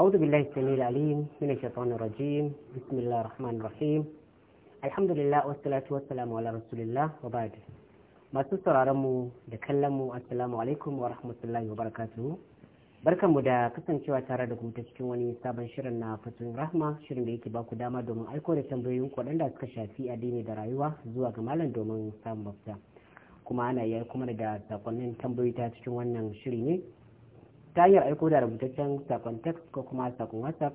أعوذ بالله السميع العليم من الشيطان الرجيم بسم الله الرحمن الرحيم الحمد لله والصلاة والسلام masu sauraron mu da kallon mu assalamu alaikum wa rahmatullahi wa barakatuhu barkan da kasancewa tare da ku ta cikin wani sabon shirin na fatoyin rahma shirin da yake baku dama domin aiko da tambayoyin ku da suka shafi addini da rayuwa zuwa ga malam domin samun mafita kuma ana iya kuma da sakonnin tambayoyi ta cikin wannan shiri ne ta hanyar aiko da rubutaccen sakon text ko kuma sakon whatsapp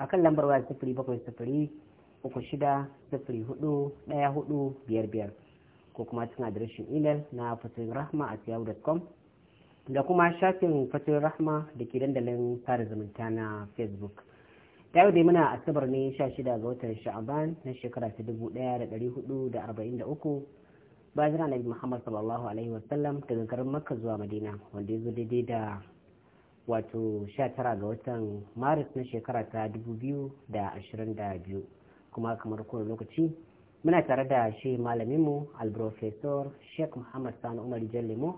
a kan lambar waya sifiri bakwai sifiri uku shida sifiri hudu daya hudu biyar biyar ko kuma cikin adireshin imel na fasirin rahma a yahoo.com da kuma shafin fasirin rahma da ke dandalin sada zumunta na facebook ta yau dai muna asabar ne sha shida ga watan sha'aban na shekara ta dubu da da da dari hudu arba'in uku, bayan jira nabi muhammad sallallahu alaihi wasallam daga garin makka zuwa madina wanda ya zo daidai da wato 19 ga watan maris na shekara ta 2022 kuma kamar kowane lokaci muna tare da shi malaminmu alprofesor sheikh muhammad sani umar jallimo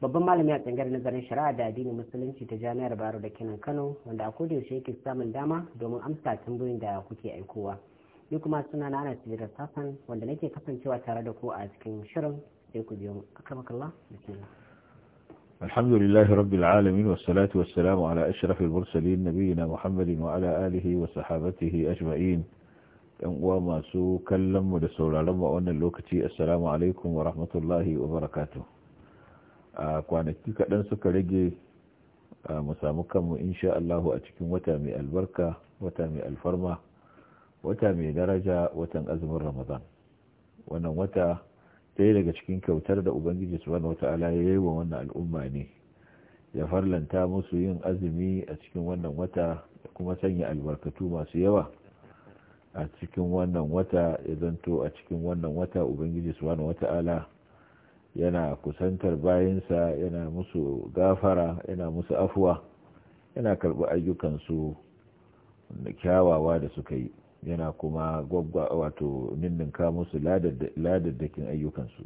babban malami a tsangar nazarin shari'a da addinin musulunci ta jami'ar baro da kenan kano wanda a yaushe yake samun dama domin amsa tambayoyin da kuke aikowa ni kuma suna na anas jirar sassan wanda nake kasancewa tare da ku a cikin shirin sai ku biyo mu makalla, bismillah الحمد لله رب العالمين والصلاة والسلام على أشرف المرسلين نبينا محمد وعلى آله وصحابته أجمعين وما سو كلم ودسول علم وأن اللوكتي السلام عليكم ورحمة الله وبركاته kwanaki kaɗan suka rage mu samu kanmu insha Allahu a cikin wata mai albarka wata mai alfarma wata mai daraja watan azumin ramadan wannan wata ɗaya daga cikin kyautar da ubangiji subhanahu wata'ala ya yi wa wannan al'umma ne ya farlanta musu yin azumi a cikin wannan wata da kuma sanya albarkatu masu yawa a cikin wannan wata ya zanto a cikin wannan wata ubangiji subhanahu wata'ala yana kusantar bayansa yana musu gafara yana musu afuwa yana karɓi ayyukansu da kyawawa da suka yi yana kuma gwagwa wato ninninka musu ladaddakin ayyukansu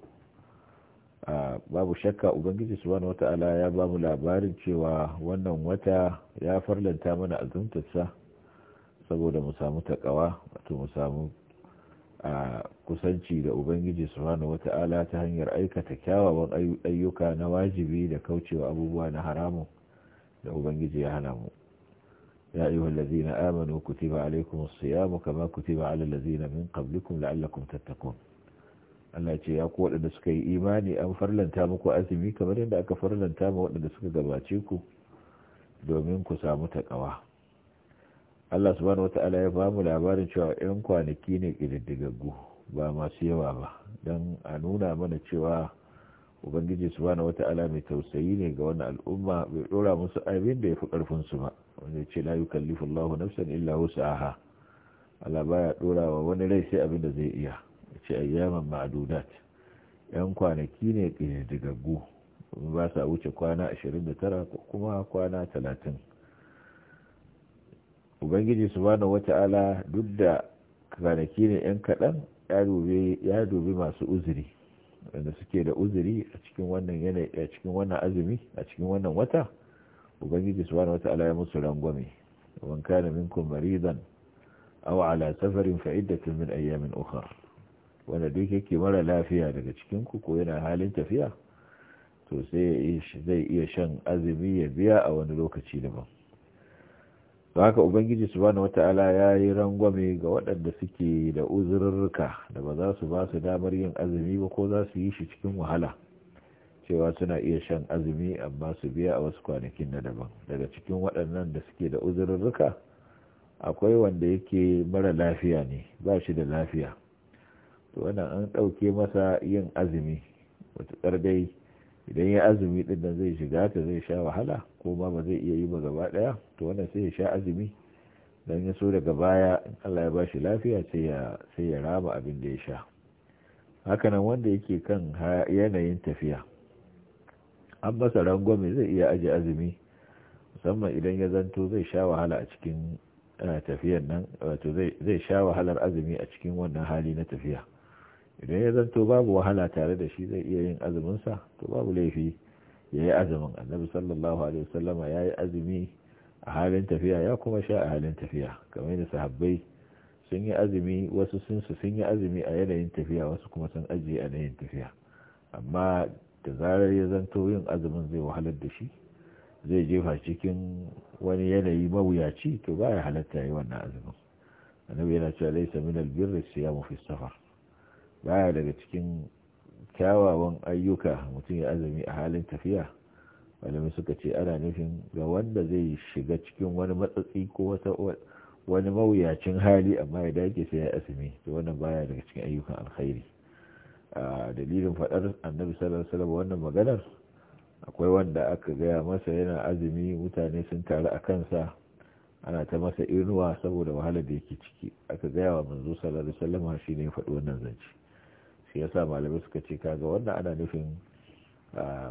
babu shakka ubangiji subhanahu wata'ala ya ba mu labarin cewa wannan wata ya farlanta mana azumtarsa saboda mu samu takawa wato mu samu a kusanci da ubangiji subhanahu wata'ala ta hanyar aikata kyawawan ayyuka na wajibi da kaucewa abubuwa na haramun da ubangiji ya hana mu يا أيها الذين آمنوا كتب عليكم الصيام كما كتب على الذين من قبلكم لعلكم تتقون Allah ce ya ku waɗanda suka yi imani an farlanta muku azumi kamar yadda aka farlanta ma waɗanda suka gabace ku domin ku samu taƙawa. Allah subhanahu ta'ala ya bamu labarin cewa 'yan kwanaki ne kididdigagu ba masu yawa ba don a nuna mana cewa Ubangiji subhanahu ta'ala mai tausayi ne ga wannan al'umma bai ɗora musu abin da ya fi ƙarfinsu ba. wanda ce la yukallifu Allahu nafsan illa wus'aha Allah baya dora wa wani rai sai abin da zai iya ce ayyaman ma'dudat yan kwanaki ne digaggu ba sa wuce kwana 29 kuma kwana 30 ubangiji subhanahu wata'ala duk da kwanaki ne yan kaɗan ya dubi masu uzuri wanda suke da uzuri a cikin wannan yanayi a cikin wannan azumi a cikin wannan wata ubangiji subhanahu wata'ala ya musu rangwame man kana minkum maridan aw ala safarin fa iddatun min ayyamin ukhra wanda duk yake mara lafiya daga cikin ku ko yana halin tafiya to sai zai iya shan azumi ya biya a wani lokaci daban to haka ubangiji subhanahu wata'ala ya yi rangwame ga waɗanda suke da uzurruka da ba za su ba su damar yin azumi ba ko za su yi shi cikin wahala cewa suna iya shan azumi amma su biya a wasu kwanakin na daban daga cikin waɗannan da suke da uzurruka akwai wanda yake mara lafiya ne ba shi da lafiya to wannan an ɗauke masa yin azumi matuƙar dai idan ya azumi ɗin da zai shiga ta zai sha wahala ko ma ba zai iya yi ba gaba ɗaya to wannan sai ya sha azumi don ya so daga baya in Allah ya bashi lafiya sai ya sai ya rama abin da ya sha hakanan wanda yake kan yanayin tafiya an masa rangwame zai iya aji azumi musamman idan ya zanto zai sha wahala a cikin eh, tafiyan nan wato zai sha wahalar azumi a cikin wannan hali na tafiya idan ya zanto babu wahala tare da shi zai iya yin azuminsa to babu laifi ya yi azumin annabi sallallahu alaihi wasallama ya yi azumi a halin tafiya ya kuma sha a halin tafiya kamar da sahabbai sun yi azumi wasu sun su sun yi azumi a yanayin tafiya wasu kuma sun ajiye a yanayin tafiya amma da zarar ya zanto yin azumin zai wahalar da shi zai jefa cikin wani yanayi mawuyaci to ba ya halatta yi wannan azumin annabi yana cewa laysa min albirri ya mafi safar baya daga cikin kyawawan ayyuka mutum ya azumi a halin tafiya malamai suka ce ana nufin ga wanda zai shiga cikin wani matsatsi ko wata wani mawuyacin hali amma ya dage sai ya azumi to wannan baya daga cikin ayyukan alkhairi dalilin faɗar annabi sallallahu alaihi wannan maganar akwai wanda aka gaya masa yana azumi mutane sun taru a kansa ana ta masa irnuwa saboda wahala da yake ciki aka gaya wa manzo sallallahu alaihi wasallam shi ne faɗi wannan zance shi yasa malamai suka ce kaga wannan ana nufin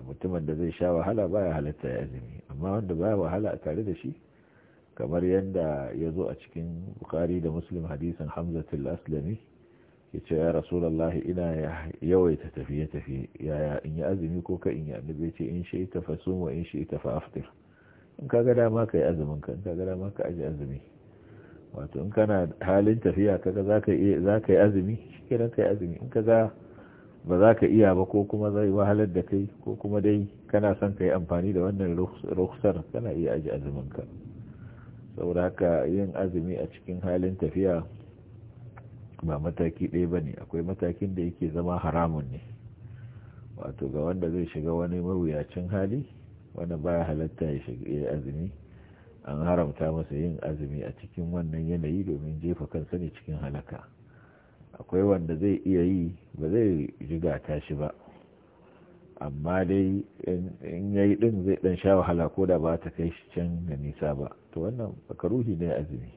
mutumin da zai sha wahala baya halatta ya azumi amma wanda baya wahala a tare da shi kamar yadda ya zo a cikin bukari da muslim hadisin hamzatul aslami ya ce ya rasulallahi ina yawaita tafiye-tafiye yaya in yi azumi ko ka in yi annabi ya ce in shi ta fa wa in shi ta fa in ka gada ma ka yi azumin ka in ka gada ma ka aji azumi wato in kana halin tafiya kaga za ka yi azumi shi ka yi azumi in ka ga ba za ka iya ba ko kuma zai wahalar da kai ko kuma dai kana son ka yi amfani da wannan rukhsar kana iya aji azumin ka saboda haka yin azumi a cikin halin tafiya ba mataki ɗaya ba ne akwai matakin da yake zama haramun ne wato ga wanda zai shiga wani mawuyacin hali wanda baya halatta ya shiga azumi an haramta masa yin azumi a cikin wannan yanayi domin jefa kansa ne cikin halaka akwai wanda zai iya yi ba zai ta shi ba amma dai in ya yi din zai ɗan sha wahala ko da ba ta kai shi can da nisa ba to wannan makaruhi ne azumi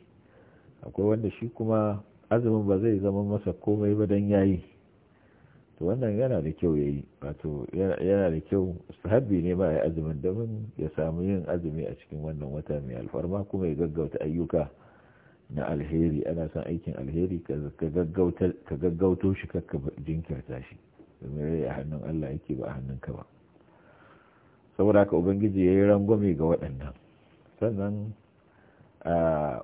akwai wanda shi kuma azumin ba zai zama masa komai ba don yayi to wannan yana da kyau ya yi wato yana da kyau sahabbi ne ba ya azumin domin ya samu yin azumi a cikin wannan wata mai alfarma kuma ya gaggauta ayyuka na alheri ana son aikin alheri ka gaggauto shi ka jinkirta shi domin rai a hannun Allah yake ba a hannun ka ba saboda ka ubangiji ya yi rangwame ga waɗannan sannan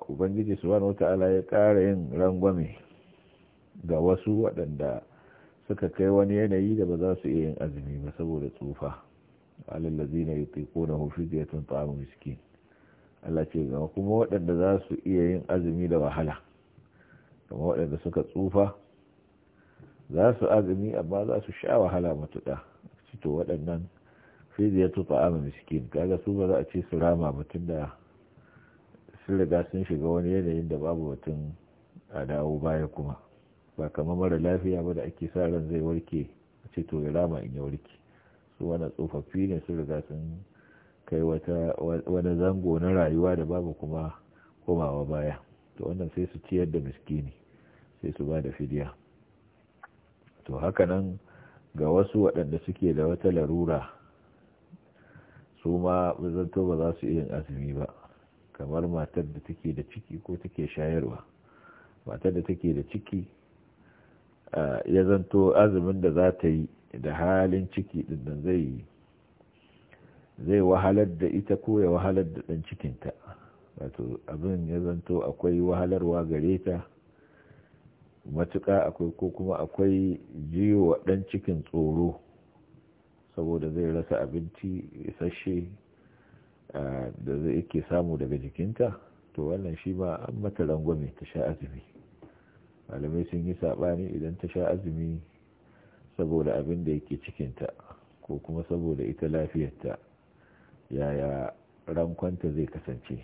ubangiji subhanahu ta'ala ya ƙara yin rangwame ga wasu waɗanda suka kai wani yanayi da ba za su iya yin azumi ba saboda tsufa alallazi na yi na hufi ya tun ta'amu miskin Allah ce gama kuma waɗanda za su iya yin azumi da wahala kuma waɗanda suka tsufa za su azumi amma za su sha wahala matuɗa cito waɗannan fiye ya tuta amin miskin kaga su ba za a ce su rama mutum da sun riga sun shiga wani yanayin da babu mutum a dawo baya kuma ba kamar mara lafiya ba da ake sa ran zai warke a ce to ya rama in ya warke su wani tsofaffi ne sun riga sun kai wani zango na rayuwa da babu kuma komawa baya to wannan sai su ciyar da miskini sai su ba da fidiya to haka nan ga wasu waɗanda suke da wata larura su ma ba za su iya azumi ba kamar matar da take da ciki ko take shayarwa matar da take da ciki ya zanto azumin da za ta yi da halin ciki ɗin zai yi zai wahalar da ita ko ya wahalar da dan cikinta wato abin ya zanto akwai wahalarwa gare ta matuƙa akwai ko kuma akwai jiwo dan cikin tsoro saboda zai rasa abinci isasshe da zai yake samu daga jikinta to wannan shi ma an mata rangwame ta sha azumi malamai sun yi saɓani idan ta sha azumi saboda abin da yake cikinta ko kuma saboda ita lafiyarta yaya rankwanta zai kasance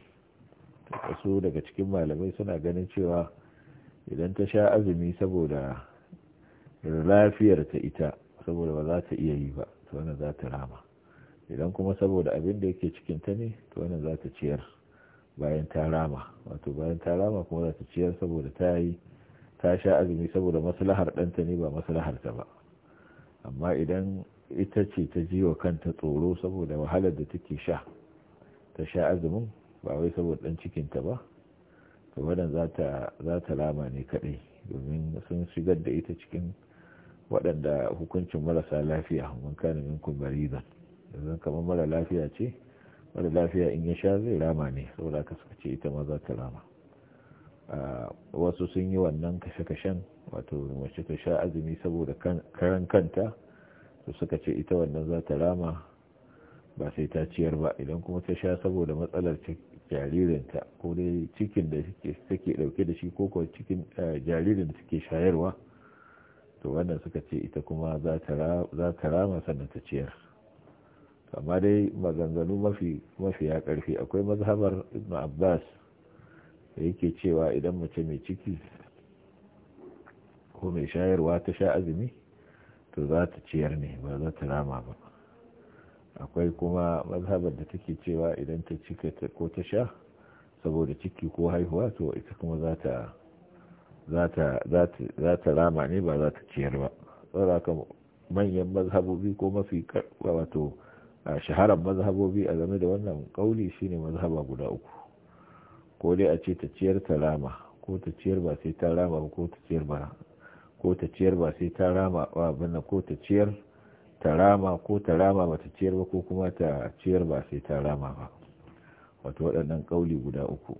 Wasu daga cikin malamai suna ganin cewa idan ta sha azumi saboda lafiyarta ita saboda ba za ta iya yi ba to wannan za ta rama idan kuma saboda abin da yake cikin ta ne to wannan za ta ciyar bayan ta rama wato bayan ta rama kuma za ta ciyar saboda ta yi ta sha azumi saboda maslahar ɗanta ne ba maslahar ta ba amma idan ita ce ta ji wa kanta tsoro saboda wahalar da take sha ta sha azumin ba wai saboda ɗan ta ba to wannan za ta rama ne kaɗai domin sun shigar da ita cikin waɗanda hukuncin marasa lafiya mun kana minkum maridan yanzu kamar mara lafiya ce mara lafiya in ya sha zai rama ne saboda aka suka ce ita ma za ta rama wasu sun yi wannan kashe-kashen wato mace ta sha azumi saboda karan kanta su suka ce ita wannan za ta rama ba sai ta ciyar ba idan kuma ta sha saboda matsalar jaririnta ko dai cikin da take dauke da shi ko kuwa cikin jaririn da suke shayarwa to wannan suka ce ita kuma za ta rama sannan ta ciyar amma dai maganganu mafi ya karfi akwai mazhabar ibn abbas da yake cewa idan mace mai ciki ko mai shayarwa ta sha azumi to za ta ciyar ne ba za ta rama ba akwai kuma mazhabar da take cewa idan ta cika ko ta sha saboda ciki ko haihuwa to ita kuma za ta za ta rama ne ba za ta ciyar ba ka manyan mazhabobi ko mafi wato A shaharar mazhabobi a game da wannan kauli shine mazhaba guda uku ko dai a ce ta ciyar ta rama ko ta ciyar ba sai ta rama ko ta ciyar ba ko ta ciyar ba sai ta rama ba bana ko ta ciyar ta rama ko ta rama ba ta ciyar ba ko kuma ta ciyar ba sai ta rama ba wato waɗannan kauli guda uku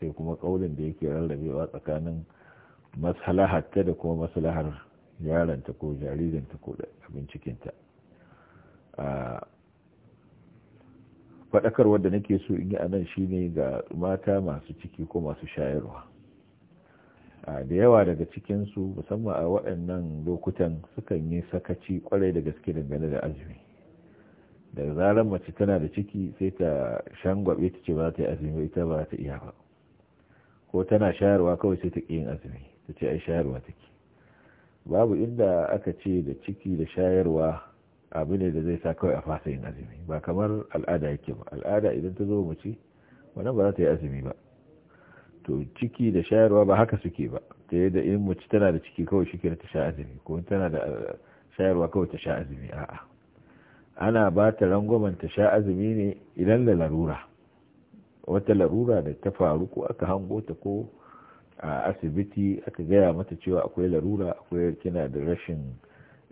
sai kuma kaulin da yake rarrabewa tsakanin maslahar ta da kuma maslahar yaranta ko jaririnta ko abincikinta ah, faɗakarwar da nake so in yi a nan shine ga mata masu ciki ko masu shayarwa A da yawa daga cikinsu musamman a waɗannan lokutan sukan yi sakaci kwarai da gaske dangane da azumi da zarar mace tana da ciki sai ta shangwabe ta ce ba ta yi azumi ita ba ta iya ba ko tana shayarwa kawai sai ta yin azumi ta ce ai shayarwa take babu inda aka ce da ciki da shayarwa abu ne da zai sa kawai a fasa yin azumi ba kamar al'ada yake ba al'ada idan ta zo mace wannan ba za ta yi azumi ba to ciki da shayarwa ba haka suke ba ta yadda in mace tana da ciki kawai shi ta sha azumi ko tana da eh, shayarwa kawai ta sha azumi a'a ana ba ta rangwamen ta sha azumi ne idan da larura wata larura da ta faru ko aka hango ta ko a asibiti aka gaya mata cewa akwai larura akwai kina da rashin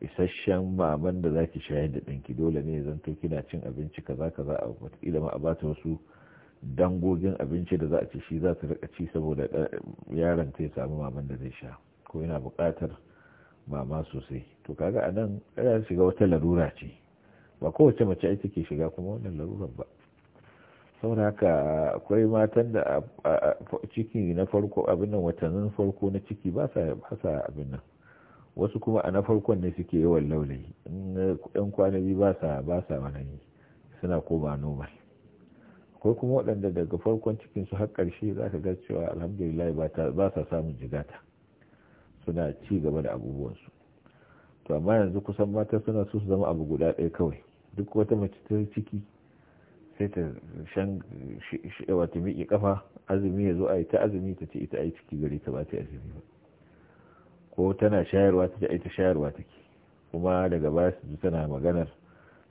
isasshen maman da za ki shayar da ɗanki dole ne zan zanto kina cin abinci kaza kaza a wataƙila ma a bata wasu dangogin abinci da za a ci shi za ta rika ci saboda yaron ta ya samu maman da zai sha ko yana buƙatar mama sosai to kaga a nan ana shiga wata larura ce ba kowace mace ai take shiga kuma wannan larurar ba saboda haka akwai matan da ciki na farko abin nan watannin farko na ciki ba sa abin nan wasu kuma a na farkon ne suke yawan laulayi in yan kwanaki ba sa ba sa wani suna koma normal akwai kuma waɗanda daga farkon cikin su har ƙarshe za ka ga cewa alhamdulillah ba sa samun jigata suna ci gaba da abubuwansu to amma yanzu kusan mata suna so su zama abu guda ɗaya kawai duk wata mace ta ciki sai ta shan wata miƙi kafa azumi ya zo a yi ta azumi ta ce ita a yi ciki gari ta ba ta azumi ba ko tana shayarwa ta ita shayarwa take kuma daga baya su tana maganar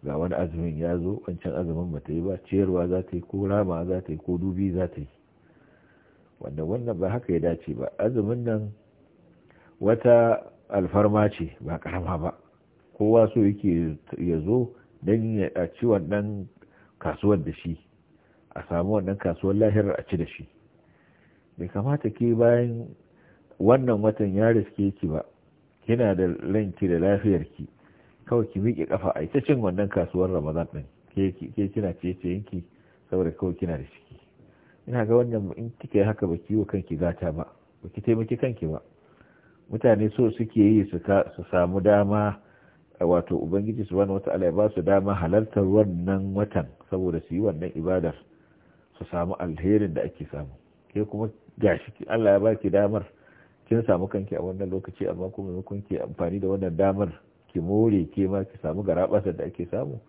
ga wani azumin ya zo wancan azumin ba ta yi ba ciyarwa za ta yi ko rama za ta yi ko dubi za ta yi wanda wannan ba haka ya dace ba azumin nan wata alfarma ce ba karama ba kowa so yake ya zo don ya ci wannan kasuwar da shi a samu wannan kasuwar lahirar a ci da shi bai kamata ke bayan wannan watan ya riske ki ba kina da ranki da lafiyar ki kawai ki miƙe kafa a ita cin wannan kasuwar ramadan din ke kina ce yanki saboda kawai kina da ciki ina ga wannan in kika haka ba ki yi wa kanki gata ba ba ki taimaki kanki ba mutane so suke yi su samu dama wato ubangiji su wata'ala ya ba su dama halartar wannan watan saboda su yi wannan ibadar su samu alherin da ake samu ke kuma gashi Allah ya baki damar kin samu kanki a wannan lokaci amma kuma maimakon ki amfani da wannan damar ki more ke ma ki samu garabasar da ake samu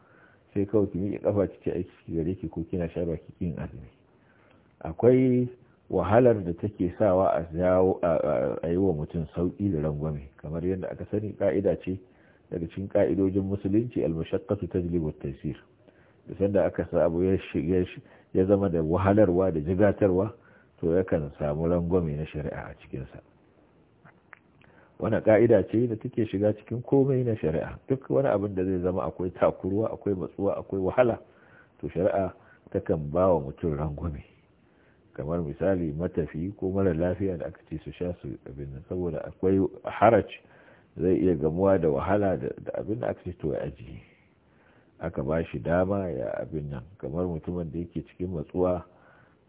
sai kawai ki miƙe kafa ki ce aiki gare ki ko kina sha ki kin azumi akwai wahalar da take sawa a jawo a yi wa mutum sauki da rangwame kamar yadda aka sani ka'ida ce daga cikin ka'idojin musulunci almashakkatu tajlibu at-taysir da sanda aka samu ya ya zama da wahalarwa da jigatarwa to yakan samu rangwame na shari'a a cikinsa. wani ƙa'ida ce da take shiga cikin komai na shari'a duk wani abin da zai zama akwai takuruwa akwai matsuwa akwai wahala to shari'a takan ba wa mutum rangwame kamar misali matafi ko mara lafiya da aka ce su sha su abin nan saboda akwai haraj zai iya gamuwa da wahala da abin da aka ce to aji aka ba shi dama ya abin nan kamar mutumin da yake cikin matsuwa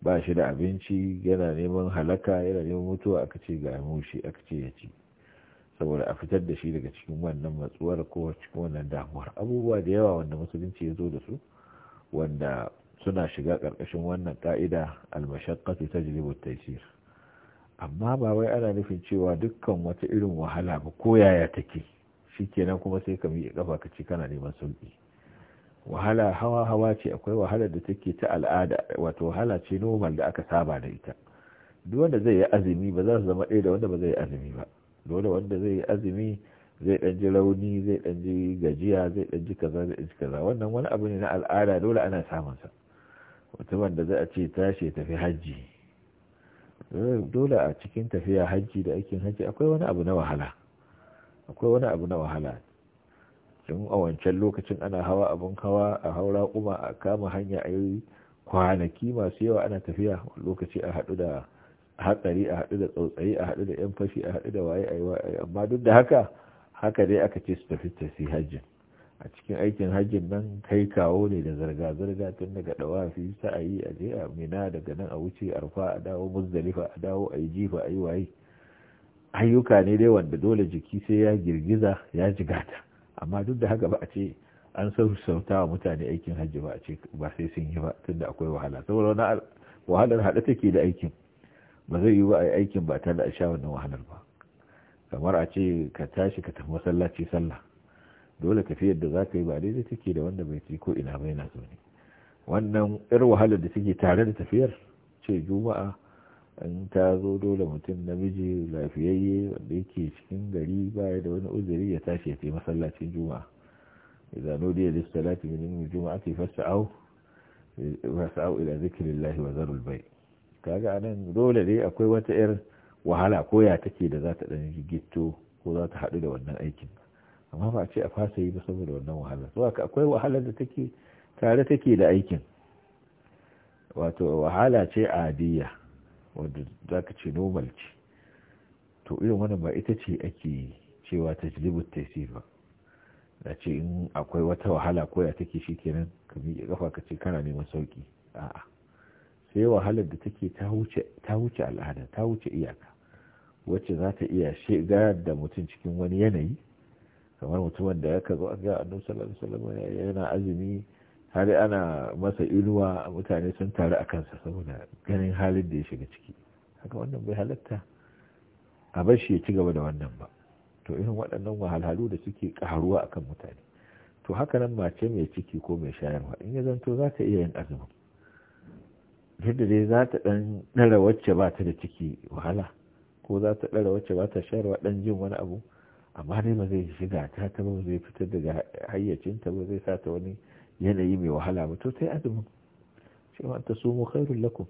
ba shi da abinci yana neman halaka yana neman mutuwa aka ce ga mushi aka ce ya ci saboda a fitar da shi daga cikin wannan matsuwar ko cikin wannan damuwar abubuwa da yawa wanda musulunci ya zo da su wanda suna shiga ƙarƙashin wannan ƙa'ida almashaqqatu ta at-taysir amma ba wai ana nufin cewa dukkan wata irin wahala ba ko yaya take kenan kuma sai ka miƙe ƙafa ka ci kana neman sauƙi. wahala hawa hawa ce akwai wahala da take ta al'ada wato wahala ce normal da aka saba da ita duk wanda zai yi azumi ba za su zama ɗaya da wanda ba zai yi azumi ba dole wanda zai yi azumi zai dan ji rauni zai dan ji gajiya zai dan ji kaza zai ji kaza wannan wani abu ne na al'ada dole ana samun sa mutumin da za a ce tashi tafi hajji dole a cikin tafiya hajji da aikin hajji akwai wani abu na wahala akwai wani abu na wahala don a wancan lokacin ana hawa abun kawa a haura kuma a kama hanya a yi kwanaki masu yawa ana tafiya lokaci a haɗu da hatsari a haɗu da tsautsayi a haɗu da yan fashi a haɗu da waye a yi amma duk da haka haka dai aka ce su tafi tasi hajjin a cikin aikin hajjin nan kai kawo ne da zarga-zarga tun daga fi sa'ayi a je a mina daga nan a wuce a rufa, a dawo muzdalifa a dawo a yi jifa a yi waye ayyuka ne dai wanda dole jiki sai ya girgiza ya jigata amma duk da haka ba a ce an sauta wa mutane aikin hajji ba a ce ba sai sun yi ba tunda akwai wahala saboda wani wahalar haɗa take da aikin ba zai yi wa a yi aikin ba tare da a sha wannan wahalar ba kamar a ce ka tashi ka tafi masallaci sallah dole tafiyar da za ka yi ba daidai take da wanda bai ci ko ina bai na so ne wannan yar wahalar da take tare da tafiyar ce juma'a in ta zo dole mutum namiji lafiyayye wanda yake cikin gari baya da wani uzuri ya tashi ya tafi masallacin juma'a idan nudiya lis salati min juma'a fi fas'au ila zikrillah wa zarul bai' kaga anan dole ne akwai wata yar wahala ko ya take da za ta dan gitto ko za ta haɗu da wannan aikin amma ba a ce a fasa yi ba saboda wannan wahala so akwai wahalar da take tare take da aikin wato wahala ce adiya wanda za ce normal ce to irin wannan ba ita ce ake cewa ta jilibu ba da ce in akwai wata wahala ko ya take shi kenan ka miƙe kafa ka ce kana neman sauki a'a sai wahalar da take ta wuce al'ada ta wuce iyaka wacce za ta iya shiga da mutum cikin wani yanayi kamar mutumin da ya zo an ga annabi sallallahu alaihi wasallam yana azumi har ana masa inuwa mutane sun taru a kansa saboda ganin halin da ya shiga ciki haka wannan bai halatta a bar shi ya ci gaba da wannan ba to irin waɗannan wahalhalu da suke ƙaruwa akan mutane to haka nan mace mai ciki ko mai shayarwa in ya zanto za ta iya yin azumin yadda dai za ta dan dara wacce ba ta da ciki wahala ko za ta dara wacce ba ta shayarwa dan jin wani abu amma dai ba zai shiga ta ta ba zai fitar daga hayyacin ta ba zai sa ta wani yanayi mai wahala ba to sai azumin cewa ta sumu khairul lakum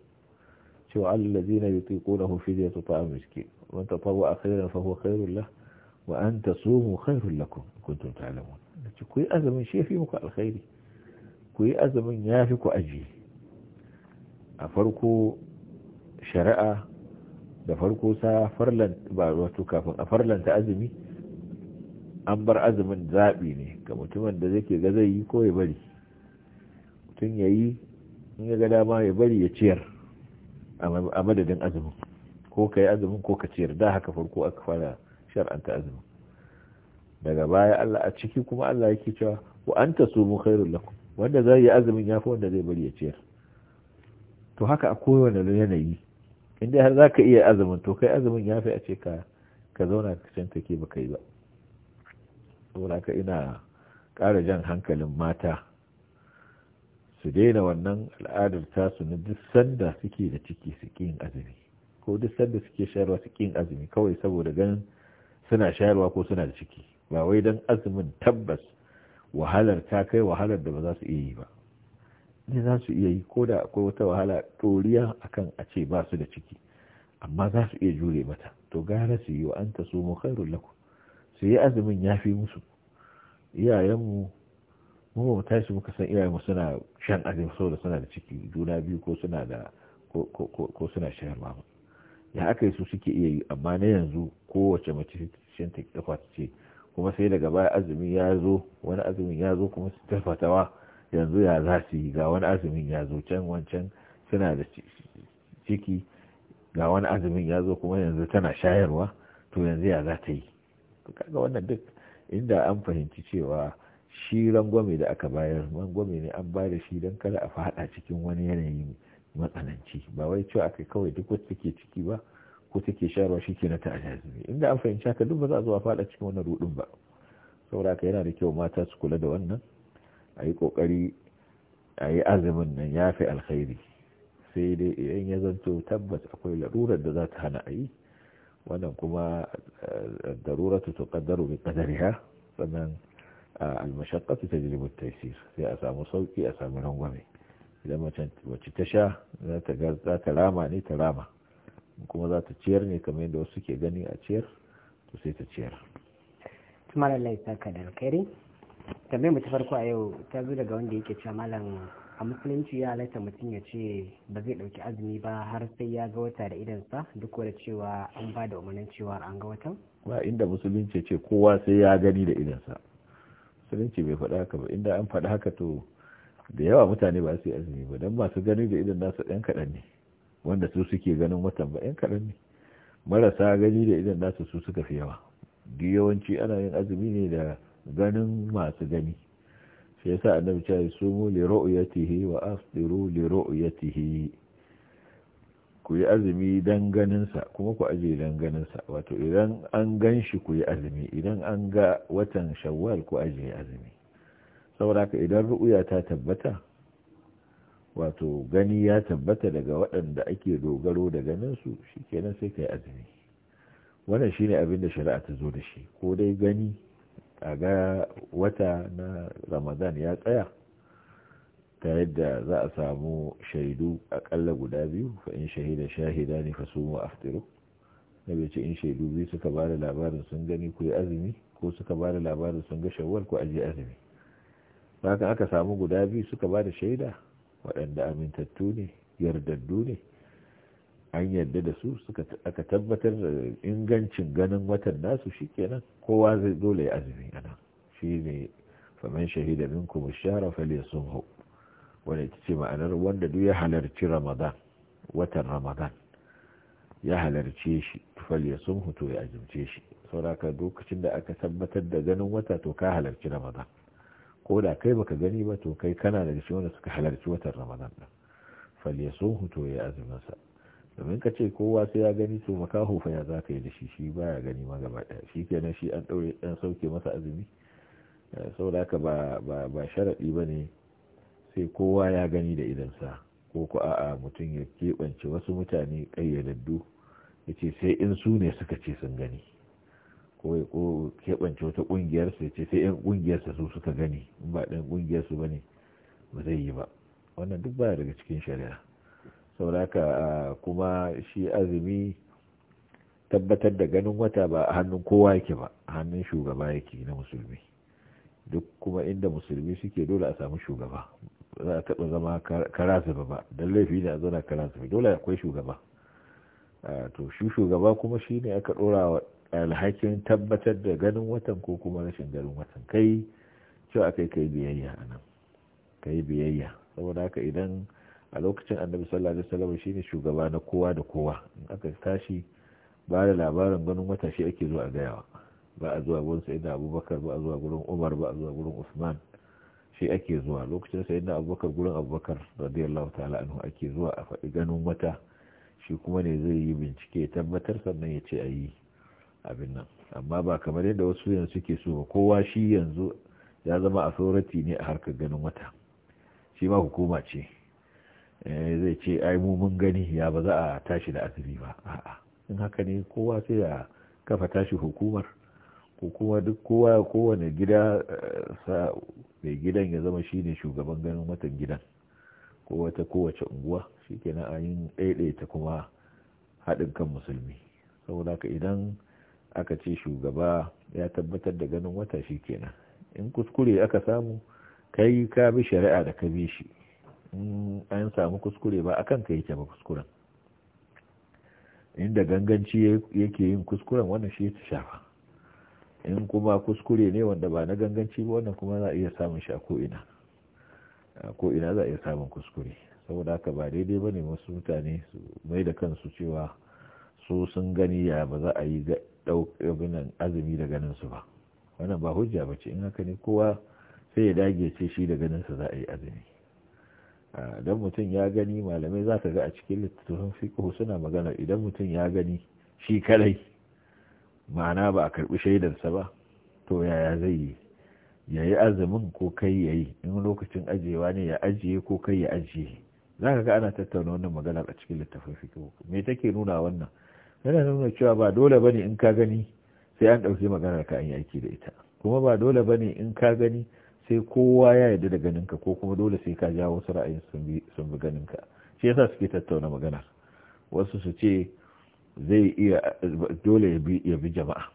shi wa alladhina yutiqunahu fi fidyatun ta'am miskin man tatawwa akhiran fa huwa khairul lah wa an tasumu khairul lakum kuntum ta'lamun ku yi azumin shi fi muku alkhairi ku yi azumin yafi ku ajiye a farko shari'a da farko sa ba wato kafin a farlanta azumi an bar azumin zaɓi ne ga mutumin da zai ke ga zai yi ko ya bari mutum ya yi in ya ga dama ya bari ya ciyar a madadin azumin ko ka yi azumin ko ka ciyar da haka farko aka fara shar'anta azumin daga baya Allah a ciki kuma Allah yake cewa wa anta sumu khairul lakum wanda zai yi azumin yafi wanda zai bari ya ciyar to haka a kowane yanayi inda har za ka iya azumin to kai azumin ya fi a ce ka zauna ka can take ba kai ba saboda ka ina kara jan hankalin mata su daina wannan al'adar tasu na duk sanda suke da ciki su ƙin azumi ko duk sanda suke shayarwa su ƙin azumi kawai saboda ganin suna shayarwa ko suna da ciki ba wai don azumin tabbas wahalar ta kai wahalar da ba za su iya yi ba ne za su iya yi ko da akwai wata wahala ɗoriya akan a ce ba su da ciki amma za su iya jure mata to gara su yi wa an ta sumo kan lakum su yi azumin ya fi musu iyayenmu mu tashi muka san mu suna shan azumi saboda suna da ciki juna biyu ko suna da ko suna shayar ya aka yi su suke iya yi amma na yanzu kowace mace shan ta ce kuma sai daga baya azumi ya zo wani azumin ya zo kuma su tafatawa yanzu ya za su yi ga wani azumin ya zo can wancan suna da ciki ga wani azumin ya zo kuma yanzu tana shayarwa to yanzu ya za ta yi kaga wannan duk inda an fahimci cewa shi rangwame da aka bayar rangwame ne an ba da shi don kada a fada cikin wani yanayi matsananci ba wai cewa akai kawai duk wata take ciki ba ko take shayarwa shi ke na ta azumi inda an fahimci haka duk ba za a zo a fada cikin wannan rudin ba saboda haka yana da kyau mata su kula da wannan a yi ƙoƙari a yi azumin nan ya fi alkhairi sai dai idan ya zanto tabbas akwai larurar da za ta hana a yi wannan kuma eh, daruratu ta ƙaddaru bi ƙadariya sannan eh, almashakkatu ta jirgin taisir sai a samu sauki a samu rangwame idan mace ta sha za ta rama ne ta rama kuma za ta ciyar ne kamar yadda wasu ke gani a ciyar to sai ta ciyar. Tumar saka tambayar mu ta farko a yau ta zo daga wanda yake cewa malam a musulunci ya halatta mutum ya ce ba zai dauki azumi ba har sai ya ga wata da sa duk da cewa an ba da umarnin cewa an ga watan ba inda musulunci ce kowa sai ya gani da sa musulunci bai faɗa haka ba inda an faɗa haka to da yawa mutane ba su yi azumi ba don masu gani da idan nasu ɗan kaɗan ne wanda su suke ganin watan ba ɗan kaɗan ne marasa gani da idan nasu su suka fi yawa duk yawanci ana yin azumi ne da ganin masu gani shi yasa annabi cewa mu li ru'yatihi wa asdiru li ru'yatihi ku yi azumi dan ganin sa kuma ku aje dan ganin sa wato idan an gan ku yi azumi idan an ga watan shawwal ku aje azumi saboda ka idan ru'ya ta tabbata wato gani ya tabbata daga waɗanda ake dogaro da ganin su shikenan sai kai azumi wannan shine abin da shari'a ta zo da shi ko dai gani a ga wata na ramadan ya tsaya ta yadda za a samu shaidu akalla guda biyu fa in shahida shahida ne fa su aftiru na bai ce in shaidu biyu suka ba da labarin sun gani ku yi azumi ko suka ba da labarin sun ga shawar ku aje azumi haka aka samu guda biyu suka ba da shaida waɗanda amintattu ne yardaddu ne an yarda da su suka aka tabbatar da ingancin ganin watan nasu shikenan kowa zai dole ya azumi shi shine faman shahida minkum ash sun hau wanda ita ce ma'anar wanda duk ya halarci ramadan watan ramadan ya halarce shi falyasumhu to ya azumce shi sauraka lokacin da aka tabbatar da ganin wata to ka halarci ramadan ko da kai baka gani ba to kai kana da shi wanda suka halarci watan ramadan din falyasumhu to ya azumin sa domin ka ce kowa sai ya gani to makaho fa ya za yi da shi shi baya gani ma gaba ɗaya shi kenan shi an ɗaure ɗan sauke masa azumi eh, saboda haka ba sharaɗi ba ne sai kowa ya gani da idansa ko ku a'a mutum ya keɓance wasu mutane ƙayyadaddu ya ce sai in su ne suka ce sun gani ko ya keɓance wata ƙungiyar su ya ce sai 'yan ƙungiyarsa su suka gani in ba ɗan ƙungiyarsu ba ne ba zai yi ba wannan duk baya daga cikin shari'a sauraka kuma shi azumi tabbatar da ganin wata ba a hannun kowa yake ba hannun shugaba yake na musulmi duk kuma inda musulmi suke dole a samu shugaba za a taɓa zama karasa ba ba don laifi da a zana karasa dole akwai shugaba to shi shugaba kuma shi ne aka ɗora wa alhakin tabbatar da ganin watan ko kuma rashin ganin watan kai cewa kai kai biyayya a nan kai biyayya saboda haka idan a lokacin annabi sallallahu alaihi wasallam shine shugaba na kowa da kowa in aka tashi ba da labarin ganin wata shi ake zuwa gayawa ba a zuwa gurin sayyidina abubakar ba a zuwa gurin umar ba a zuwa gurin usman shi ake zuwa lokacin sayyidina abubakar gurin abubakar radiyallahu ta'ala anhu ake zuwa a faɗi ganin wata shi kuma ne zai yi bincike tabbatar sannan ya ce a yi abin nan amma ba kamar yadda wasu yanzu suke so ba kowa shi yanzu ya zama authority ne a harkar ganin wata shi ma hukuma ce Eh, zai ce ai mu mun gani ya ba za a tashi da azumi ba a'a in haka ne kowa sai ya kafa tashi hukumar ko kuma duk kowa kowane gida eh, sa mai gidan ya zama shine shugaban ganin watan gidan ko wata kowace unguwa shikenan a yin ɗaiɗaita kuma haɗin kan musulmi saboda haka idan aka ce shugaba ya tabbatar da ganin wata kenan in kuskure aka samu kai ka bi shari'a da ka bi shi an samu kuskure ba akan ka yake ba kuskuren inda ganganci yake yin kuskuren wannan shi ta shafa in kuma kuskure ne wanda ba na ganganci ba wannan kuma za a iya samun shi a ko'ina ko ina za a iya samun kuskure saboda haka ba daidai ba ne wasu mutane su mai da kansu cewa su sun gani ya ba za a yi ɗaukabinan azumi da ganin su ba wannan ba hujja ba ce in haka ne kowa sai ya dage ce shi da ganin sa za a yi azumi Idan mutum ya gani malamai za ka ga a cikin littattafan fiqh suna magana idan mutum ya gani shi kadai ma'ana ba a karbi shaidarsa ba to yaya zai yi ya yi azumin ko kai ya yi in lokacin ajiyewa ne ya ajiye ko kai ya ajiye za ka ga ana tattauna wannan magana a cikin littattafan fiqh me take nuna wannan yana nuna cewa ba dole bane in ka gani sai an ɗauki maganar ka an yi aiki da ita kuma ba dole bane in ka gani sai kowa ya yarda da ganinka ko kuma dole sai ka jawo wasu ra'ayin sun bi ganinka shi yasa suke tattauna magana wasu su ce zai iya dole ya bi jama'a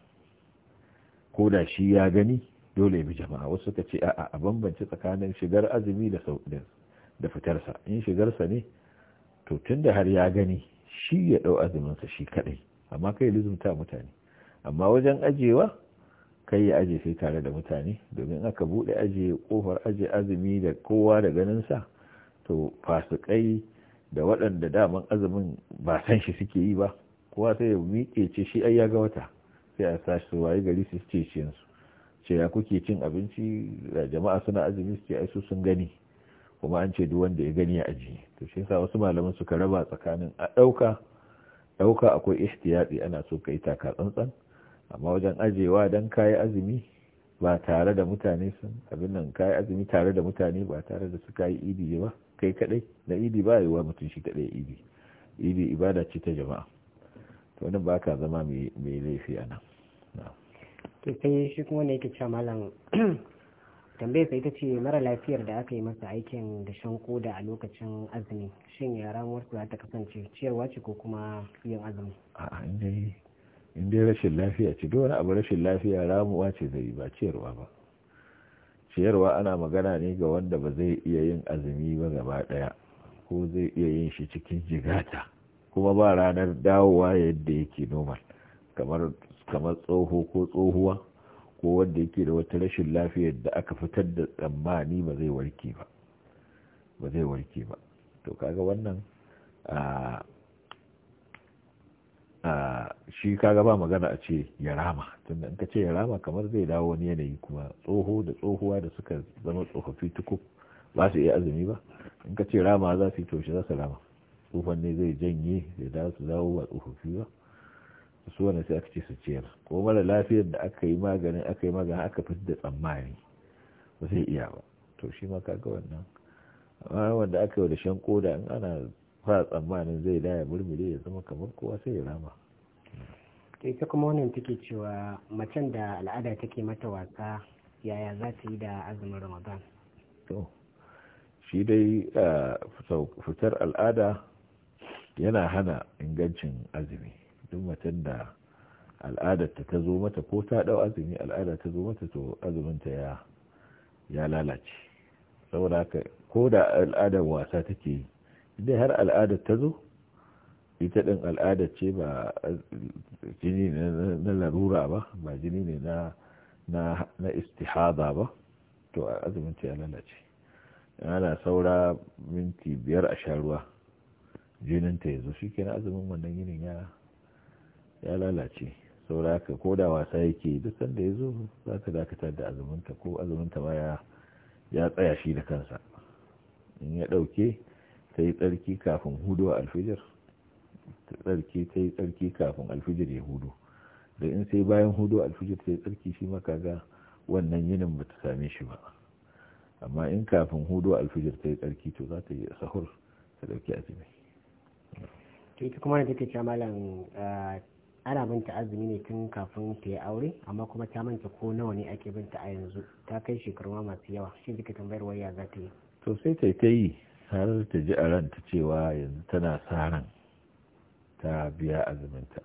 ko da shi ya gani dole ya bi jama'a wasu suka ce a'a a bambance tsakanin shigar azumi da da fitarsa in shigarsa ne to tunda har ya gani shi ya ɗau azuminsa shi kaɗai amma kai lizumta mutane amma wajen ajiyewa. kai ya aje sai tare da mutane domin aka buɗe aje kofar aje azumi da kowa da ganin sa to fasikai da waɗanda daman azumin ba san shi suke yi ba kowa sai ya miƙe ce shi ai ya ga wata sai a sashi su waye gari su ce yanzu ce ya kuke cin abinci da jama'a suna azumi suke ce ai su sun gani kuma an ce duk wanda ya gani ya ajiye to shi yasa wasu malaman suka raba tsakanin a ɗauka ɗauka akwai ihtiyati ana so ka yi taka tsantsan amma wajen ajewa don kayi azumi ba tare da mutane sun abin nan kayi azumi tare da mutane ba tare da suka yi idi ba kai kadai na idi ba wa mutum shi kadai idi idi ibada ce ta jama'a to wannan ba ka zama mai laifi a nan to sai shi kuma ne yake cewa malam tambayar sai ta ce mara lafiyar da aka yi masa aikin da shan koda a lokacin azumi shin yara ramuwar za ta kasance ciyarwa ce ko kuma yin azumi a'a in dai rashin lafiya ce duk abu rashin lafiya ramuwa ce zai ba ciyarwa ba ciyarwa ana magana ne ga wanda ba zai iya yin azumi ba gaba daya ko zai iya yin shi cikin jigata kuma ba ranar dawowa yadda yake normal kamar kamar tsoho ko tsohuwa ko wanda yake da wata rashin lafiya da aka fitar da tsammani ba zai warke ba ba zai warke ba to kaga wannan a ah, shi kaga ba magana a ce ya rama tunda in ka ce ya rama kamar zai dawo wani yanayi kuma tsoho da tsohuwa da suka zama tsofaffi tukub ba su iya azumi ba in ka ce rama za su yi toshe za su rama tsofanne ne zai janye ya dawo su dawo ba tsofaffi ba su wani sai aka ce su ciyar ko mara lafiyar da aka yi maganin aka yi maganin aka fi da tsammani ba zai iya ba to shi ma kaga wannan wanda aka yi da shan koda in ana ba tsammanin zai da ya murmure ya zama kamar kowa sai ya rama ita kuma wannan take cewa macen da al'ada take mata wasa yaya za ta yi da azumin ramadan to shi dai fitar al'ada yana hana ingancin azumi duk macen da al'adarta ta zo mata ko ta dau azumi al'ada ta zo mata to azuminta ya ya lalace saboda haka ko da al'adar wasa take yi dai har al'adar ta zo ita ɗin al'adar ce ba jini ne na larura ba ba jini ne na istihada ba to azuminta ya lalace ana saura minti biyar a sha ruwa jinin ta ya shi kenan azumin wannan yinin ya lalace saura ka ko da wasa yake duk sanda ya zo za ta dakatar da azuminta ko azuminta ma ya tsaya shi da kansa in ya ɗauke ta yi tsarki kafin hudu a alfijir tsarki ta yi tsarki kafin alfijir ya hudu da in sai bayan hudu alfijir ta yi tsarki shi maka ga wannan yinin ba ta same shi ba amma in kafin hudu alfijir ta yi tsarki to za ta yi sahur ta dauki azumi kuma da take ce ah, ana binta azumi ne tun kafin ta yi aure amma kuma ta manta ko nawa ne ake binta a yanzu ta kai shekaru masu yawa shi zika tambayar waya za ta yi to sai ta yi har ta ji a ranta cewa yanzu tana sa ran ta biya azuminta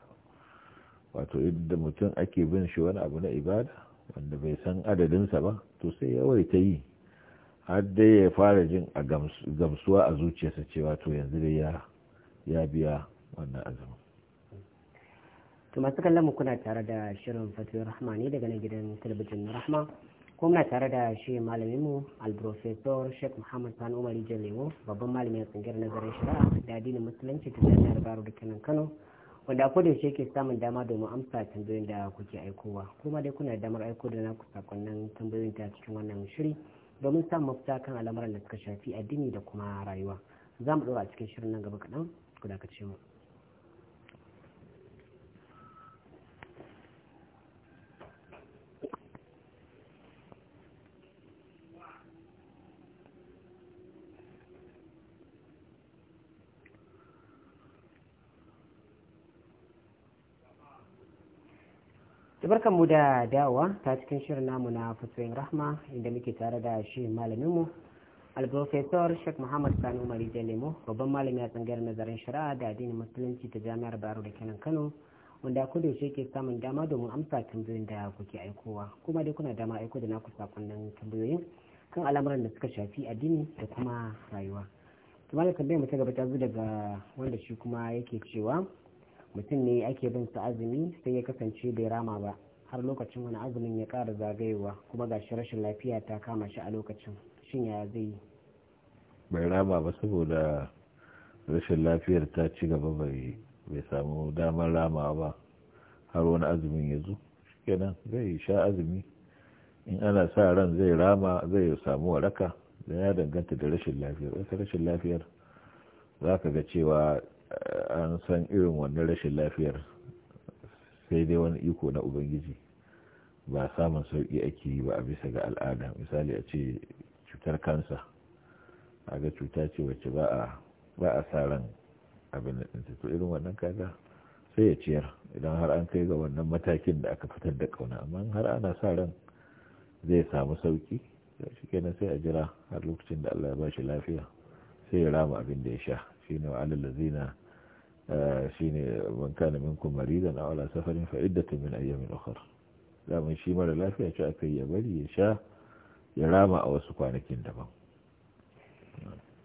wato inda mutum ake bin shi wani abu na ibada wanda bai san adadinsa ba to sai yawai ta yi har dai ya fara jin a gamsuwa a zuciyarsa cewa to yanzu dai ya biya wannan azumin to masu kallon mu kuna tare da shirin fatiyar rahma ne daga nan gidan talabijin rahma kuma tare da shi malaminmu alprofesor sheikh muhammad sani umar jalewo babban malamin tsangar nazarin shari'a da addinin musulunci ta jami'ar baro da kanan kano wanda ko da yake samun dama domin amsa tambayoyin da kuke aikowa kuma dai kuna damar aiko da naku sakonnin tambayoyin ta cikin wannan shiri domin samun mafita kan al'amuran da suka shafi addini da kuma rayuwa za mu ɗora a cikin shirin nan gaba kaɗan ku dakace mu tabarkan mu da dawa ta cikin shirin namu na fatoyin rahma inda muke tare da shi malaminmu alprofesor sheikh muhammad umar marijan lemo babban malami a tsangayar nazarin shari'a da addinin musulunci ta jami'ar baro da kenan kano wanda ku da ke samun dama domin amsa tambayoyin da kuke aikowa kuma dai kuna dama aiko da naku sakonnin tambayoyin kan al'amuran da suka shafi addini da kuma rayuwa kamar da tambayar mu ta gaba ta zo daga wanda shi kuma yake cewa mutum ne ake bin sa azumi sai ya kasance bai rama ba har lokacin wani azumin ya kara zagayewa kuma shi rashin lafiya ta kama shi a lokacin shin ya zai yi bai rama ba saboda rashin lafiyar ta ci gaba bai bai samu damar rama ba har wani azumin ya zo kenan zai sha azumi in ana sa ran zai rama zai samu waraka da ya danganta da rashin lafiyar rashin lafiyar za ka ga cewa an san irin wannan rashin lafiyar sai dai wani iko na ubangiji ba samun sauki ake yi ba a bisa ga al'ada misali a ce cutar kansa a ga cuta ce wacce ba a sa ran abin da to irin wannan kaga sai ya ciyar idan har an kai ga wannan matakin da aka fitar da kauna amma har ana sa ran zai samu sauki shi kenan sai a jira har lokacin da Allah ya ba shi lafiya sai ya rama abin da ya sha shine wa alalazina shine man kana minkum maridan a wala safarin fa iddatu min ayyamin ukhra da mun shi mara lafiya ce akai ya bari ya sha ya rama a wasu kwanakin daban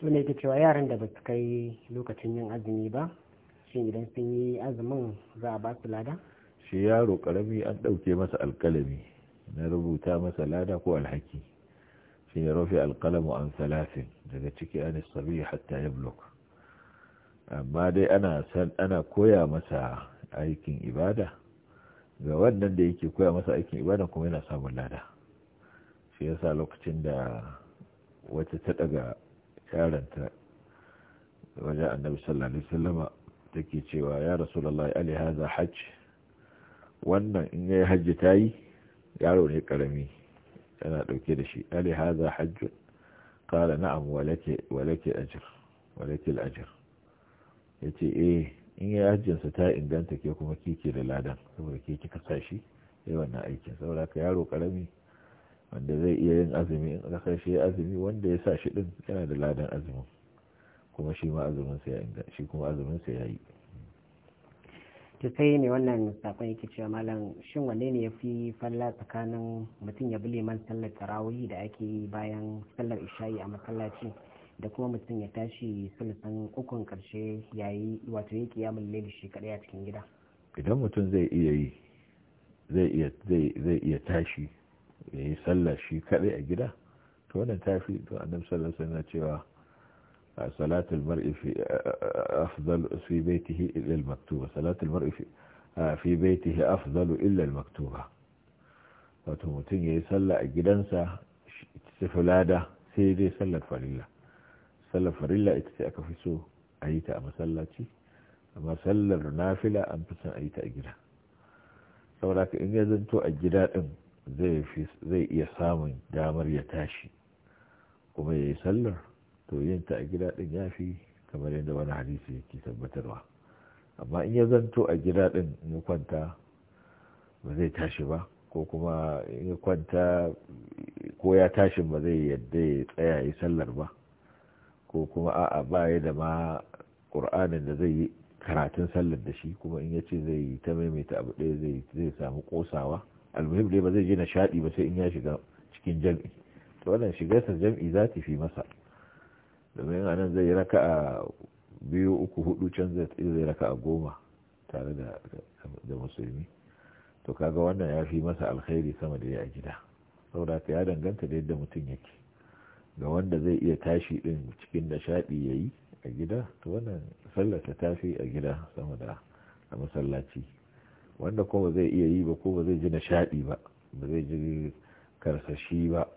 to ne ke cewa yaran da ba su kai lokacin yin azumi ba shi idan sun yi azumin za a ba su lada shi yaro karami an ɗauke masa alkalami na rubuta masa lada ko alhaki shi ya rufe alkalamu an salasin daga ciki an sabi hatta ya blok amma dai ana san ana koya masa aikin ibada ga wannan da yake koya masa aikin ibada kuma yana samun lada shi yasa lokacin da wata ta daga yaranta wajen annabi sallallahu alaihi wasallama take cewa ya rasulullahi ali haza hajj wannan in yayi hajji tayi yaro ne karami yana dauke da shi ali haza hajj qala na'am walaki walaki ajr walaki al-ajr ya ce eh in ya hajjinsa ta inganta ke kuma kike da ladan saboda ke kika sa shi yi wannan aikin saboda ka yaro karami wanda zai iya yin azumi in aka kai shi azumi wanda ya sa shi din yana da ladan azumin kuma shi ma azumin sa ya inganta shi kuma azumin sa ya yi to sai ne wannan sakon yake cewa malam shin wanne ne yafi falla tsakanin mutum ya bi liman sallar tarawih da ake yi bayan sallar isha'i a masallaci da kuma mutum ya tashi sulusan ukun karshe yayi wato ya kiyamun laili shi kadai a cikin gida idan mutum zai iya yi zai iya zai iya tashi ya yi sallah shi kadai a gida to wannan tafi to annabi sallallahu alaihi wasallam cewa salatul mar'i fi afdal fi baitihi illa al-maktuba salatul mar'i fi fi baitihi afdalu illa al-maktuba wato mutum ya yi sallah a gidansa sifilada sai dai sallar farilla sallar farilla ita ce aka fi so a yi ta a masallaci amma sallar nafila an fi son a yi ta a gida saboda in ya zanto a gida din zai iya samun damar ya tashi kuma ya yi sallar to yin ta a gida din ya fi kamar yadda wani hadisi yake tabbatarwa amma in ya zanto a gida din ya kwanta ba zai tashi ba ko kuma in ya kwanta ko ya tashi ba zai yadda ya tsaya ya yi sallar ba ko kuma a'a ya da ma ƙur'anin da zai yi karatun sallar da shi kuma in ya ce zai yi ta maimaita abu ɗaya zai samu ƙosawa almuhim dai ba zai je nishaɗi ba sai in ya shiga cikin jam'i to wannan shigarsa jam'i za ta fi masa domin a nan zai raka a biyu uku hudu can zai raka a goma tare da musulmi to kaga wannan ya fi masa alkhairi sama da ya gida saboda ya danganta da yadda mutum yake ga wanda zai iya tashi din cikin nishaɗi ya yi a gida to wannan sallata ta tafi a gida sama da a masallaci wanda kuma zai iya yi ba ko ba zai ji nishaɗi ba ba zai ji karsashi ba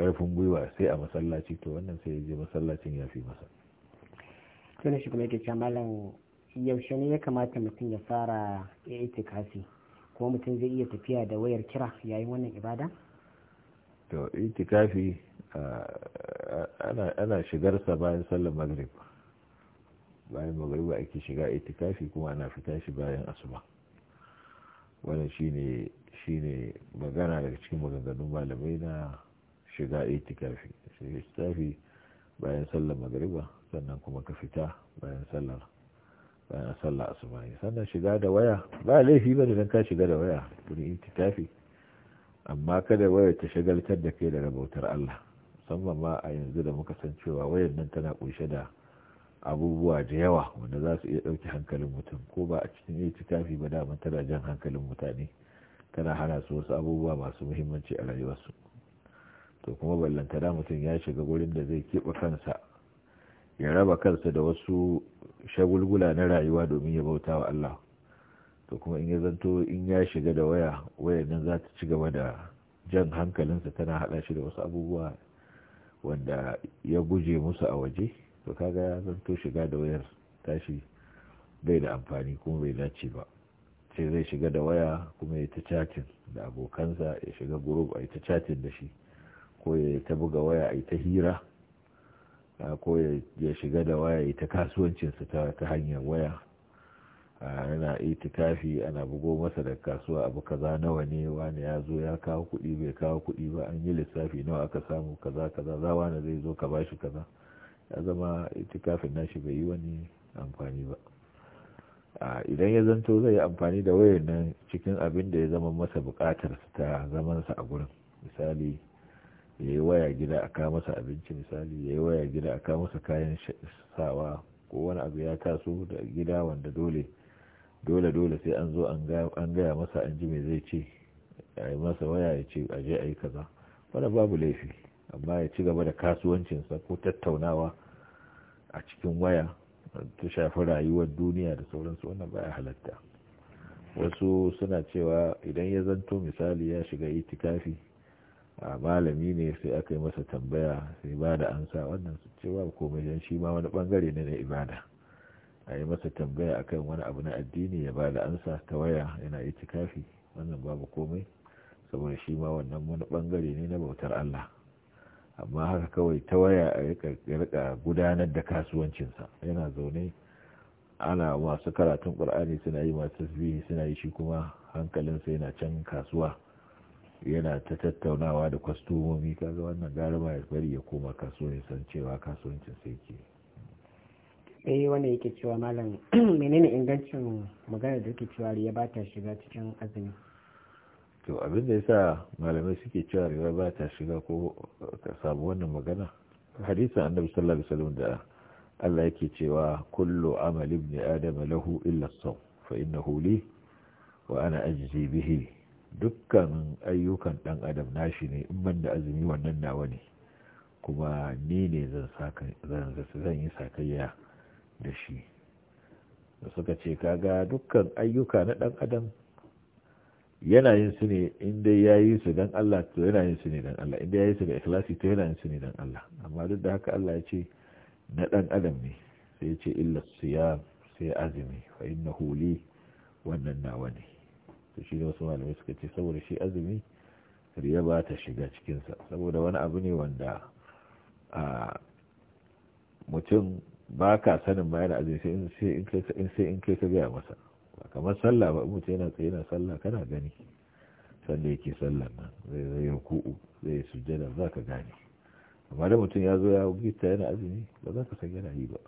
karfin gwiwa sai a masallaci to wannan sai ya je masallacin ya fi masa tun shi kuma yake malam yaushe ne ya kamata mutum ya fara ya itikasi ko mutum zai iya tafiya da wayar kira yayin wannan ibada to itikafi ana shigarsa bayan sallar maghrib bayan maghrib ake shiga itikafi kuma ana fita shi bayan asuba wannan shine shine magana daga cikin maganganun malamai na shiga itikafi itikafi bayan sallar magriba sannan kuma ka fita bayan sallar bayan sallar asuba sannan shiga da waya ba laifi ba dan ka shiga da waya wurin itikafi amma kada waya ta shagaltar da kai daga bautar Allah musamman ma a yanzu da muka san cewa wayar nan tana kunshe da abubuwa da yawa wanda za su iya ɗauki hankalin mutum ko ba a cikin yi cikafi ba da tana jan hankalin mutane tana hana su wasu abubuwa masu muhimmanci a rayuwarsu to kuma ballantana mutum ya shiga gurin da zai keɓe kansa ya raba kansa da wasu shagulgula na rayuwa domin ya bauta wa Allah to kuma in ya zanto in ya shiga da waya wayar nan za ta ci gaba da jan hankalinsa tana haɗa shi da wasu abubuwa wanda ya guje musu a waje to kaga ya to shiga da wayar tashi bai da amfani kuma bai dace ba sai zai shiga da waya kuma ya ta chatin da abokansa ya shiga group a ta chatin da shi ko ya ta buga waya a ta hira ko ya shiga da waya ya ta kasuwancinsa ta hanyar waya yana itikafi ana bugo masa da kasuwa abu kaza nawa ne wani ya zo ya kawo kuɗi bai kawo kuɗi ba an yi lissafi nawa aka samu kaza kaza za wani zai zo ka bashi kaza ya zama itikafin nashi bai yi wani amfani ba idan ya zanto zai yi amfani da wayar nan cikin abin da ya zama masa buƙatar ta sa a gurin misali ya yi waya gida a kawo masa abinci misali ya yi waya gida a kawo masa kayan sawa ko wani abu ya taso da gida wanda dole dole dole sai an zo an gaya masa an ji mai zai ce a yi masa waya ya ce a je a yi kaza wadda babu laifi amma ya ci gaba da kasuwancinsa ko tattaunawa a cikin waya ta shafi rayuwar duniya da sauransu wannan baya halatta wasu suna cewa idan ya zanto misali ya shiga itikafi a malami ne sai aka yi masa tambaya sai ba da ansa wannan su cewa komai don shi ma wani bangare ne na ibada a yi masa tambaya akan wani abu na addini ya ba da ansa ta waya yana yi tikafi wannan babu komai saboda shi ma wannan wani bangare ne na bautar Allah amma haka kawai ta waya a rika gudanar da kasuwancinsa yana zaune ana masu karatun ƙur'ani suna yi masu tasbihi suna yi shi kuma hankalinsa yana can kasuwa yana ta tattaunawa da kwastomomi kaga wannan garba ya bari ya koma kasuwa ya cewa kasuwancin sai ke sai eh, wanda yake cewa malam menene ingancin magana da yake cewa riya ba ta shiga cikin azumi to abin da yasa malamai suke cewa riya ba ta shiga ko ka samu wannan magana hadisin annabi sallallahu alaihi wasallam da Allah yake cewa kullu amali ibn adam lahu illa as-sawm fa innahu li wa ana ajzi bihi dukkan ayyukan dan adam nashi ne in ban da azumi wannan nawa ne kuma ni ne zan yi sakayya da shi da suka ce kaga dukkan ayyuka na ɗan adam yana yin su ne inda ya yi su don Allah to yana yin su ne don Allah inda ya yi su da ikhlasi to yana yin su ne don Allah amma duk da haka Allah ya ce na ɗan adam ne sai ya ce illa siyam sai azumi fa inna huli wannan na wani to shi wasu malamai suka ce saboda shi azumi riya ba ta shiga cikinsa saboda wani abu ne wanda a mutum ba ka sanin ma yana azumi sai in kai ka gaya masa ba kamar sallah ba mutum yana tsaye na sallah kana gani sanda yake sallah nan zai zai ruku'u zai yi sujjada za ka gane amma da mutum ya zo ya gita yana azumi ba za ka san yana yi ba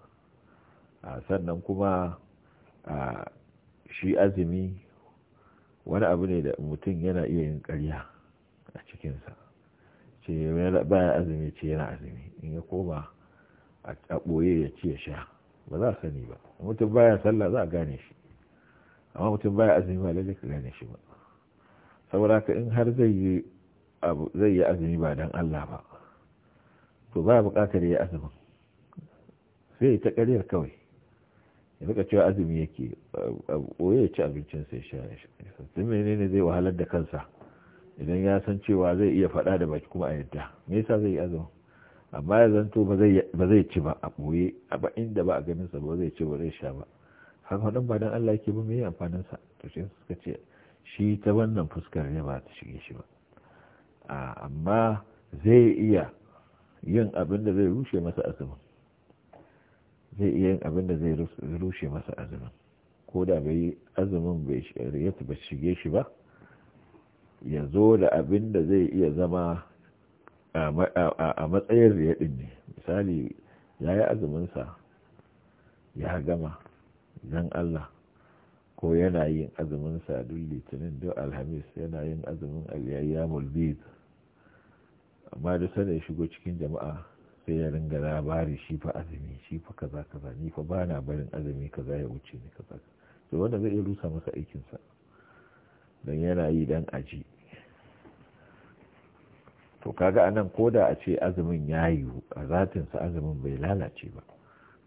a sannan kuma a shi azumi wani abu ne da mutum yana iya yin karya a cikinsa ce bayan azumi ce yana azumi in ya koma a ɓoye ya ci ya sha ba za a sani ba mutum baya sallah za a gane shi amma mutum baya azumi ba lalle ka gane shi ba saboda haka in har zai yi zai yi azumi ba dan Allah ba to ba buƙatar ya azumi sai ta ƙaryar kawai ya rika cewa azumi yake ɓoye ya ci abincin sai sha sun menene zai wahalar da kansa idan ya san cewa zai iya faɗa da baki kuma a yadda me yasa zai yi azumin amma ya zanto ba zai ci ba a ɓoye a ba inda ba a ganin sa ba zai ci ba zai sha ba haka wannan ba dan Allah yake ba yi amfanin sa to shi suka ce shi ta wannan fuskar ne ba ta shige shi ba amma zai iya yin abin da zai rushe masa azumin zai iya yin abin da zai rushe masa azumin ko da bai azumin bai shige shi ba ya zo da abin da zai iya zama a matsayin riya ne misali ya yi azuminsa ya gama don Allah ko yana yin azuminsa duk litinin duk alhamis yana yin azumin aliyayya mulbid amma duk sanar ya shigo cikin jama'a sai ya ringa labari shi fa azumi shi fa kaza kaza ni fa bana barin azumi kaza ya wuce ni kaza to wanda zai iya rusa masa aikinsa don yana yi dan aji to kaga anan ko da a ce azumin ya yiwu a zatinsa azumin bai lalace ba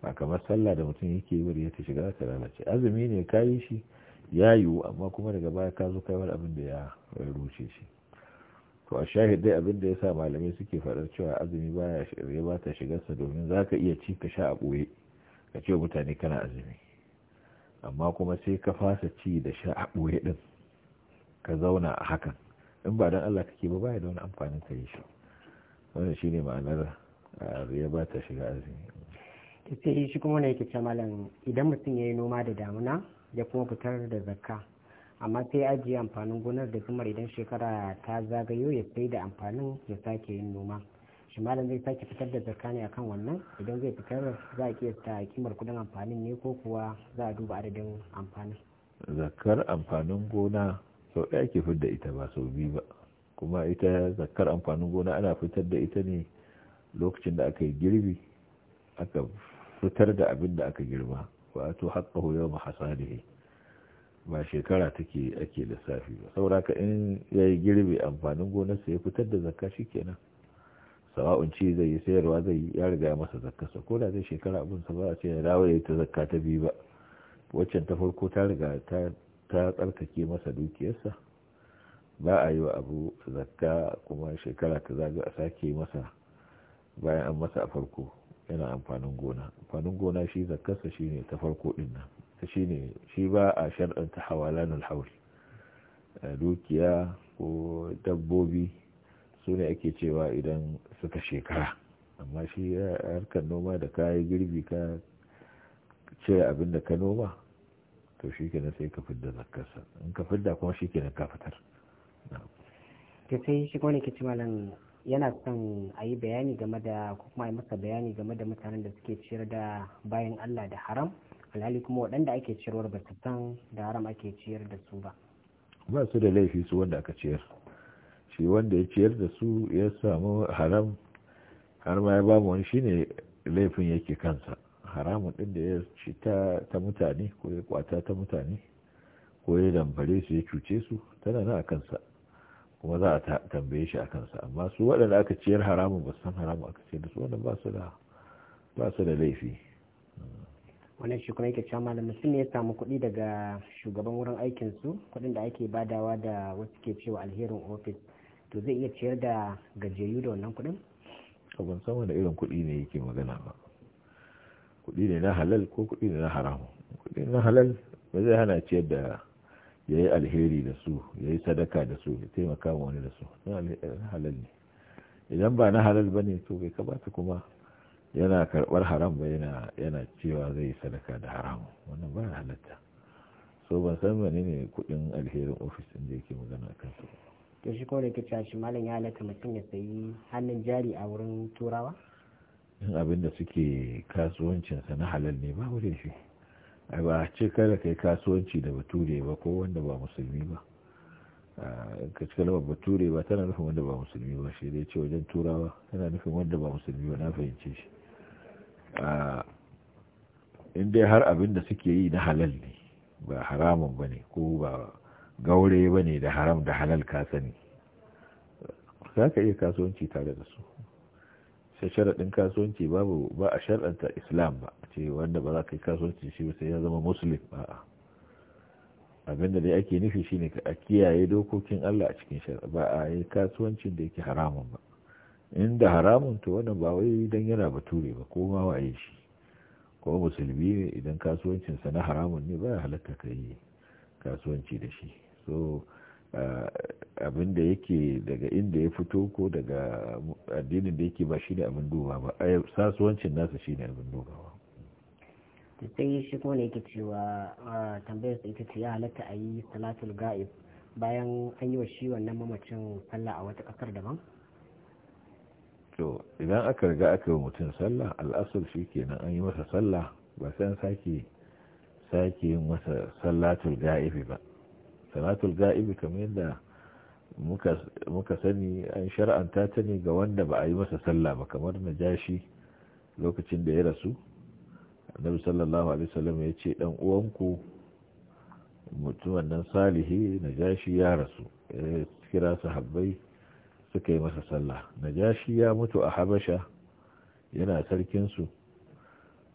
ba kamar sallah da mutum yake yi ya ta shiga ta lalace azumi ne ka yi shi ya yiwu amma kuma daga baya ka zo kai wani abin da ya rushe shi to a shahid dai abin da yasa malamai suke faɗar cewa azumi baya ya ba ta sa domin za ka iya ci ka sha a ɓoye ka ce mutane kana azumi amma kuma sai ka fasa ci da sha a ɓoye ɗin ka zauna a hakan in ba don Allah kake ba baya da wani amfanin ka yi shi wannan shine ma'anar ya ba ta shiga azumi ta ce shi kuma ne yake ce malam idan mutum ya yi noma da damuna ya kuma fitar da zakka amma sai ya ajiye amfanin gonar da zumar idan shekara ta zagayo ya sai da amfanin ya sake yin noma shi malam zai sake fitar da zakka ne akan wannan idan zai fitar za a kiyasta kimar kudin amfanin ne ko kuwa za a duba adadin amfanin zakkar amfanin gona sau ɗaya ke fidda ita ba sau biyu ba kuma ita zakar amfanin gona ana fitar da ita ne lokacin da aka yi girbi aka fitar da abin da aka girma wato haƙƙahu yau ma hasadihi ba shekara take ake lissafi ba saboda ka in ya yi girbi amfanin gonarsa ya fitar da zakka shi kenan sawa'un ci zai yi sayarwa zai yi ya riga masa zakkarsa ko da zai shekara abinsa ba a ce ya dawo ya yi ta zakka ta biyu ba waccan ta farko ta riga ta ta tsarkake masa dukiyarsa ba a yi wa abu zakka kuma shekara ta zaga a sake masa bayan an masa a farko yana amfanin gona amfanin gona shi zakkarsa shi ne ta farko dinna shi ne shi ba a shar'anta hawalan haul eh, dukiya ko dabbobi su ne ake cewa idan suka shekara amma shi harkar noma da kayan girbi ka cire abin da ka noma to shi kenan sai ka fidda zakarsa in ka fidda kuma shi ke ka fitar ta sai shi kone ke ci nan yana son a yi bayani game da kuma a yi masa bayani game da mutanen da suke ciyar da bayan Allah da haram alhali kuma waɗanda ake ciyarwar ba su san da haram ake ciyar da su ba ba su da laifi su wanda aka ciyar shi wanda ya ciyar da su ya samu haram har ma ya ba mu wani shine laifin yake kansa haramun ɗin da ya ci ta mutane ko ya kwata ta mutane ko ya damfare su ya cuce su tana na a kansa kuma za a tambaye shi a kansa amma su waɗanda aka ciyar haramun ba san haramun aka ciyar da su wanda ba su da laifi wannan shi kuma yake cewa malam mutum ne ya samu kuɗi daga shugaban wurin aikin su kuɗin da ake badawa da wasu ke cewa alherin ofis to zai iya ciyar da gajiyayyu da wannan kuɗin? ban sama da irin kuɗi ne yake magana ba kuɗi ne na halal ko kuɗi ne na haramu kuɗi na halal ba zai hana ciyar da ya yi alheri da su ya yi sadaka da su ya taimaka wani da su eh, na halal ne idan ba na halal ba ne to bai kamata kuma yana karɓar haram ba yana cewa zai yi sadaka da haramu wannan ba halatta so ban san mene ne kuɗin alherin ofis ɗin da yake magana a kansu to shi kawai ke cewa shi malam ya halatta mutum ya sayi hannun jari a wurin turawa in abin da suke kasuwancinsa na halal ne babu a ba ce kada yi kasuwanci da bature ba ko wanda ba musulmi ba ka ci kalmar bature ba tana nufin wanda ba musulmi ba shi dai ce wajen turawa tana nufin wanda ba musulmi ba na fahimce shi in dai har abin da suke yi na halal ne ba haramun ba ne ko ba gaure ba ne da haram da halal ka sani za ka iya kasuwanci tare da su da sharaɗin kasuwanci babu ba a sharɗanta islam ba ce wanda ba za ka yi kasuwanci shi sai ya zama musulun a abinda dai ake nufi shine a kiyaye dokokin Allah a cikin shari'a ba a yi kasuwancin da yake haramun ba inda haramun to wannan ba wai dan yana bature ba ko ma wa shi ko musulmi ne idan kasuwancinsa na haramun ne ba ya halatta ka yi kasuwanci da shi so abin da yake daga inda ya fito ko daga addinin da yake ba shi ne abin duba ba sasuwancin nasa shi ne abin duba ba sai shi kuma yake cewa tambayar sa ita ce ya halatta a yi salatul ga'ib bayan an yi wa shi wannan mamacin sallah a wata kasar daban to idan aka riga aka yi mutum sallah al'asar shi kenan an yi masa sallah ba sai an sake sake yin masa salatul ga'ib ba sanatul ga'ibi kamar yadda muka sani an shar'anta ta ne ga wanda ba a yi masa sallah ba kamar na jashi lokacin da ya rasu annabi sallallahu alaihi wasallam ya ce dan uwanku mutumin nan salihi na jashi ya rasu ya kira sahabbai suka yi masa sallah na jashi ya mutu a habasha yana sarkinsu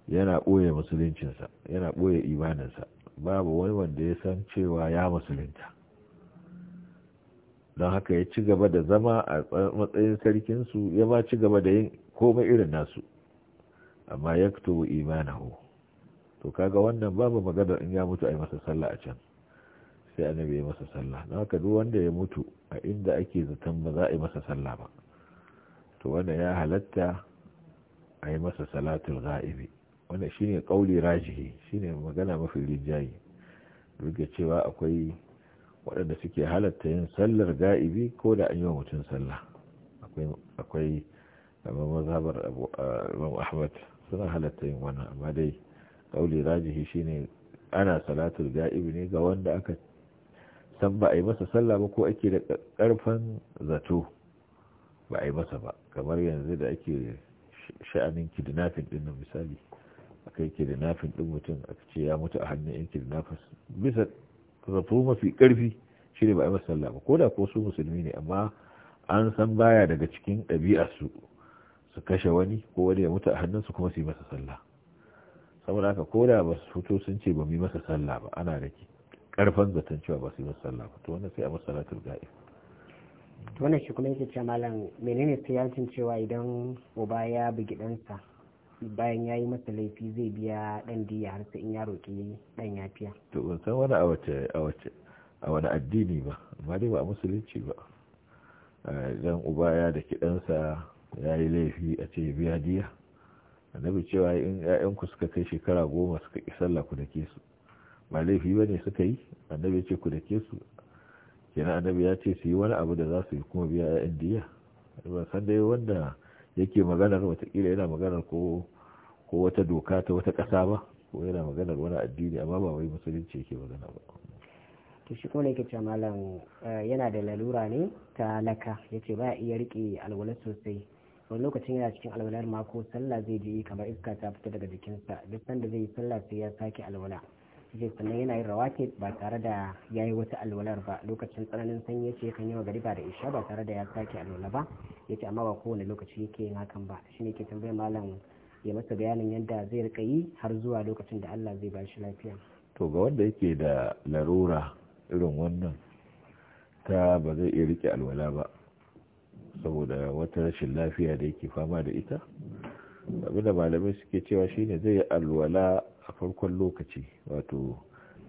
yana ɓoye musuluncinsa yana ɓoye imaninsa babu wai wanda ya san cewa ya musulunta don haka ya ci gaba da zama a matsayin sarkinsu ya ma ci gaba da yin komai irin nasu amma ya fito imanahu to kaga wannan babu magana in ya mutu a yi masa sallah a can sai annabi ya masa sallah don haka duk wanda ya mutu a inda ake zaton ba za a yi masa sallah ba to wanda ya halatta a yi masa salatul ga'ibi wanda shine kauli rajihi shine magana mafi rinjaye duk da cewa akwai waɗanda suke halatta yin sallar ga'ibi ko da an yi wa mutum salla akwai kamar mazhabar imam ahmad suna halatta yin wannan amma dai ƙauli rajihi shine ana salatul ga'ibi ne ga wanda aka san ba a yi masa sallah ba ko ake da karfan zato ba a yi masa ba kamar yanzu da ake sha'anin kidnapping din misali aka da nafin din mutum a ce ya mutu a hannun yan kidnappers bisa zato mafi karfi shi ne ba a masa sallah ba ko da ko su musulmi ne amma an san baya daga cikin ɗabi'arsu su kashe wani ko wani ya mutu a hannunsu kuma su yi masa sallah saboda haka ko da ba su fito sun ce ba mu yi masa sallah ba ana da karfan zaton cewa ba su yi masa sallah ba to wannan sai a masa salatul ga'ib wannan shi kuma yake ce malam menene sai cewa idan uba ya bugi ɗansa bayan ya yi masa laifi zai biya ɗan diya har sai in ya roƙi ɗan yafiya to ban san wani a wani addini ba amma dai ba a musulunci ba idan uba ya da kiɗansa ya yi laifi a ce biya diya annabi cewa in 'ya'yanku suka kai shekara goma suka ƙi sallah ku dake su ba laifi ba ne suka yi annabi ce ku dake su kenan annabi ya ce su yi wani abu da za su yi kuma biya ƴaƴan diya Ba san dai wanda yake maganar watakila yana maganar ko wata doka ta wata ƙasa ba ko yana maganar wani addini amma ba wai musulunci yake magana ba to shi kuma yake cewa malam eh, yana da lalura ne ta laka yace ba iya rike alwala sosai wani lokacin yana cikin alwalar mako sallah zai ji kamar iska ta fita daga jikinsa duk sanda zai yi sallah sai ya sake alwala ce sannan yana yin rawatib ba tare da ya yi wata alwalar ba lokacin tsananin sanyi ya ce kan yi ba da isha ba tare da ya sake alwala ba ya ce amma ba kowane lokaci yake yin hakan ba shi ne ke tambayar malam ya masa bayanin yadda zai rika yi har zuwa lokacin da Allah zai ba shi lafiya. To ga wanda yake da larura irin wannan ta ba zai iya rike alwala ba saboda wata rashin lafiya da yake fama da ita abinda malamai suke cewa shine zai yi alwala a farkon lokaci wato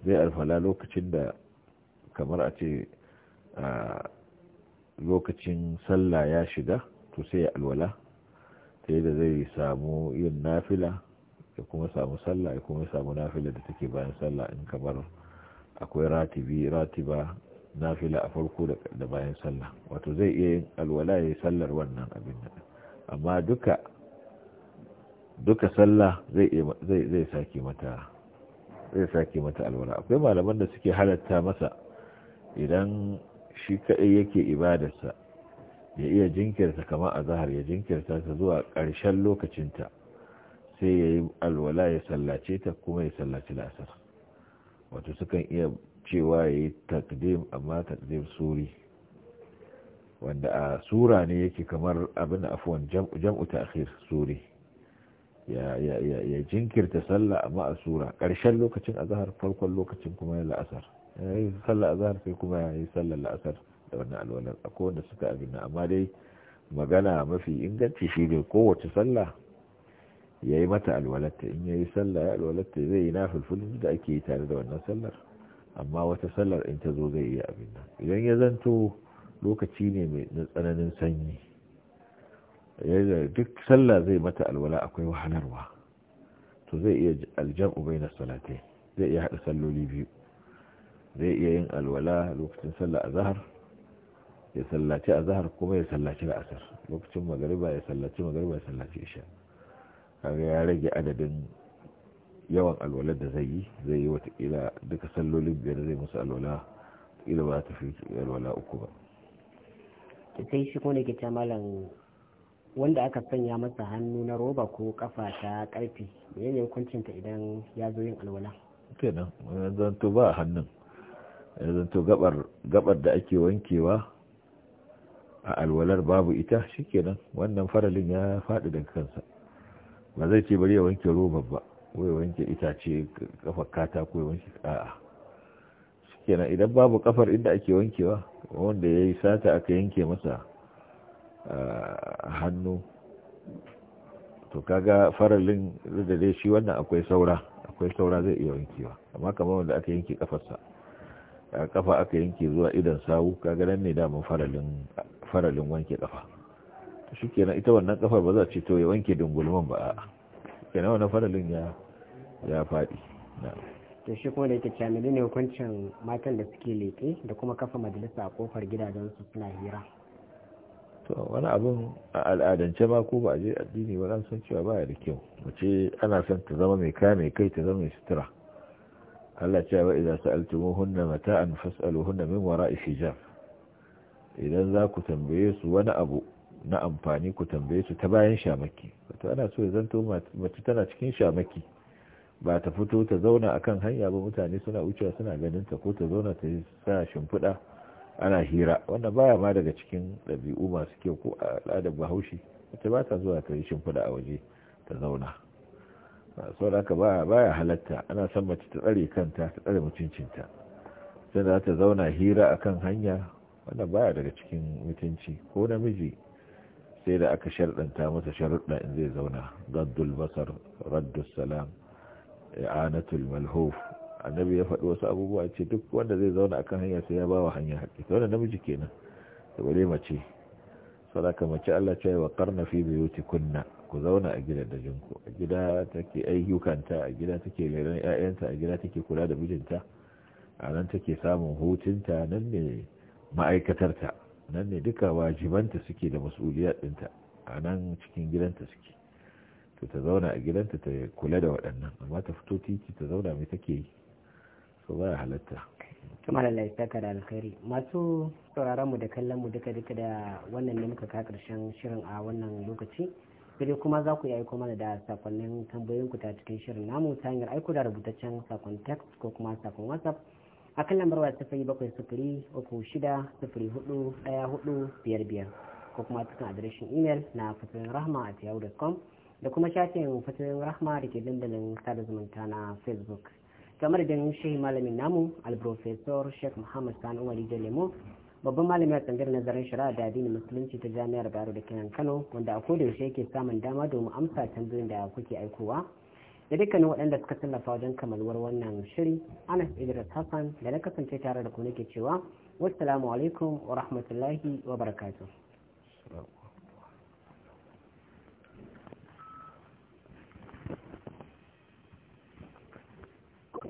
zai alwala lokacin da kamar a ce lokacin sallah ya shiga to sai ya alwala ta da zai samu yin nafila ya kuma samu sallah ya kuma samu nafila da take bayan sallah in kamar akwai ratibi ratiba nafila a farko da bayan sallah wato zai iya yin alwala ya yi sallar wannan abin amma duka duka sallah zai sake mata zai saki mata alwala akwai malaman da suke halatta masa idan shi kaɗai yake ibadarsa ya iya jinkirta kamar a ya jinkirta ta zuwa ƙarshen lokacinta sai ya yi alwala ya sallace ta kuma ya sallaci lasar. wato sukan iya cewa ya yi takdim amma takdim suri wanda a sura ne yake kamar abin afuwan jam'u ta suri ya jinkirta sallah amma a sura ƙarshen lokacin azahar farkon lokacin kuma ya la'asar ya yi sallah azahar sai kuma ya yi sallah la'asar da wannan alwalar a kowanne suka abinna amma dai magana mafi inganci shi ne kowace sallah ya yi mata alwalarta in ya yi sallah ya alwalarta zai yi nafilfilin da ake yi tare da wannan sallar amma wata sallar in ta zo zai yi abinna idan ya zanto lokaci ne mai tsananin sanyi duk sallah zai mata alwala akwai wahalarwa to zai iya aljan ubai na salatai zai iya haɗa salloli biyu zai iya yin alwala lokacin sallah zahar ya sallaci zahar kuma ya sallaci asar lokacin magariba ya sallaci magariba ya sallaci isha kaga ya rage adadin yawan alwalar da zai yi zai yi watakila duka sallolin biyar zai musu alwala ila ba ta fi alwala uku ba sai shi ko ne ke ta malam wanda aka sanya masa hannu na roba ko kafa ta karfe menene hukuncin ta idan ya zo yin alwala kenan zan to ba a hannun zan to gabar da ake wankewa a alwalar babu ita shikenan wannan faralin ya faɗi daga kansa ba zai ce bari ya wanke roba ba ko ya wanke itace kafa katako ya wanke a'a shikenan idan babu kafar inda ake wankewa wanda ya yi sata aka yanke masa hannu to kaga faralin da dai shi wannan akwai saura akwai saura zai iya yankewa amma kamar wanda aka yanke kafarsa kafa aka yanke zuwa idan sawu kaga nan ne damun faralin faralin wanke kafa shi kenan ita wannan kafar ba za ce to ya wanke dungulman ba a'a kenan wannan faralin ya ya na to shi kuma da yake cewa ne hukuncin matan da suke leke da kuma kafa majalisa a kofar gidajensu suna hira to wani abin a al'adance ma ko ba a je addini ba an san cewa baya da kyau mace ana son ta zama mai kaya mai kai ta zama mai sutura Allah ce ba idan sa'altumuhunna mata'an hunna min wara'i hijab idan za ku tambaye su wani abu na amfani ku tambaye su ta bayan shamaki wato ana so ya zanto mace tana cikin shamaki ba ta fito ta zauna akan hanya ba mutane suna wucewa suna ganin ta ko ta zauna ta sa shimfiɗa ana hira wanda baya ma daga cikin ɗabi'u masu kyau ko al'adar bahaushe ita ba ta zuwa ta yi shimfiɗa a waje ta zauna so da baya halatta ana san mace ta tsare kanta ta tsare mutuncinta sai za ta zauna hira a kan hanya wanda baya daga cikin mutunci ko namiji sai da aka sharɗanta masa sharuɗa in zai zauna gaddul basar raddus salam i'anatul malhuf annabi ya faɗi wasu abubuwa ce duk wanda zai zauna a kan hanya sai ya ba wa hanya haƙƙi ta wanda namiji kenan da bare mace sadaka mace Allah ce wa karna fi biyuti kunna ku zauna a gidan da jinku a gida take ayyukanta a gida take lera ƴaƴanta a gida take kula da mijinta a nan take samun hutunta nan ne ma'aikatarta nan ne duka wajibanta suke da mas'uliyar dinta a nan cikin gidanta suke to ta zauna a gidanta ta kula da waɗannan amma ta fito titi ta zauna mai take yi so ba halatta da laifaka da alkhairi masu sauraron mu da kallon mu duka duka da wannan ne muka ka karshen shirin a wannan lokaci sai kuma za ku yi aiko mana da sakonnin tambayoyin ku ta cikin shirin namu ta hanyar aiko da rubutaccen sakon text ko kuma sakon whatsapp a kan lambar waya sifiri bakwai sifiri uku shida sifiri hudu daya hudu biyar biyar ko kuma cikin adireshin imel na fasirin rahma a yahoo.com da kuma shafin fasirin rahma da ke dandalin sada zumunta na facebook kamar da shehi malamin namu alprofesor sheikh muhammad sani umar da lemo babban malami a tsangar nazarin shari'a da addinin musulunci ta jami'ar bayero da kenan kano wanda a koda yaushe yake samun dama domin amsa tambayoyin da kuke aikowa da dukkanin waɗanda suka tallafa wajen kamalwar wannan shiri ana idris hassan da na kasance tare da ku nake cewa wassalamu alaikum wa rahmatullahi wa barakatuh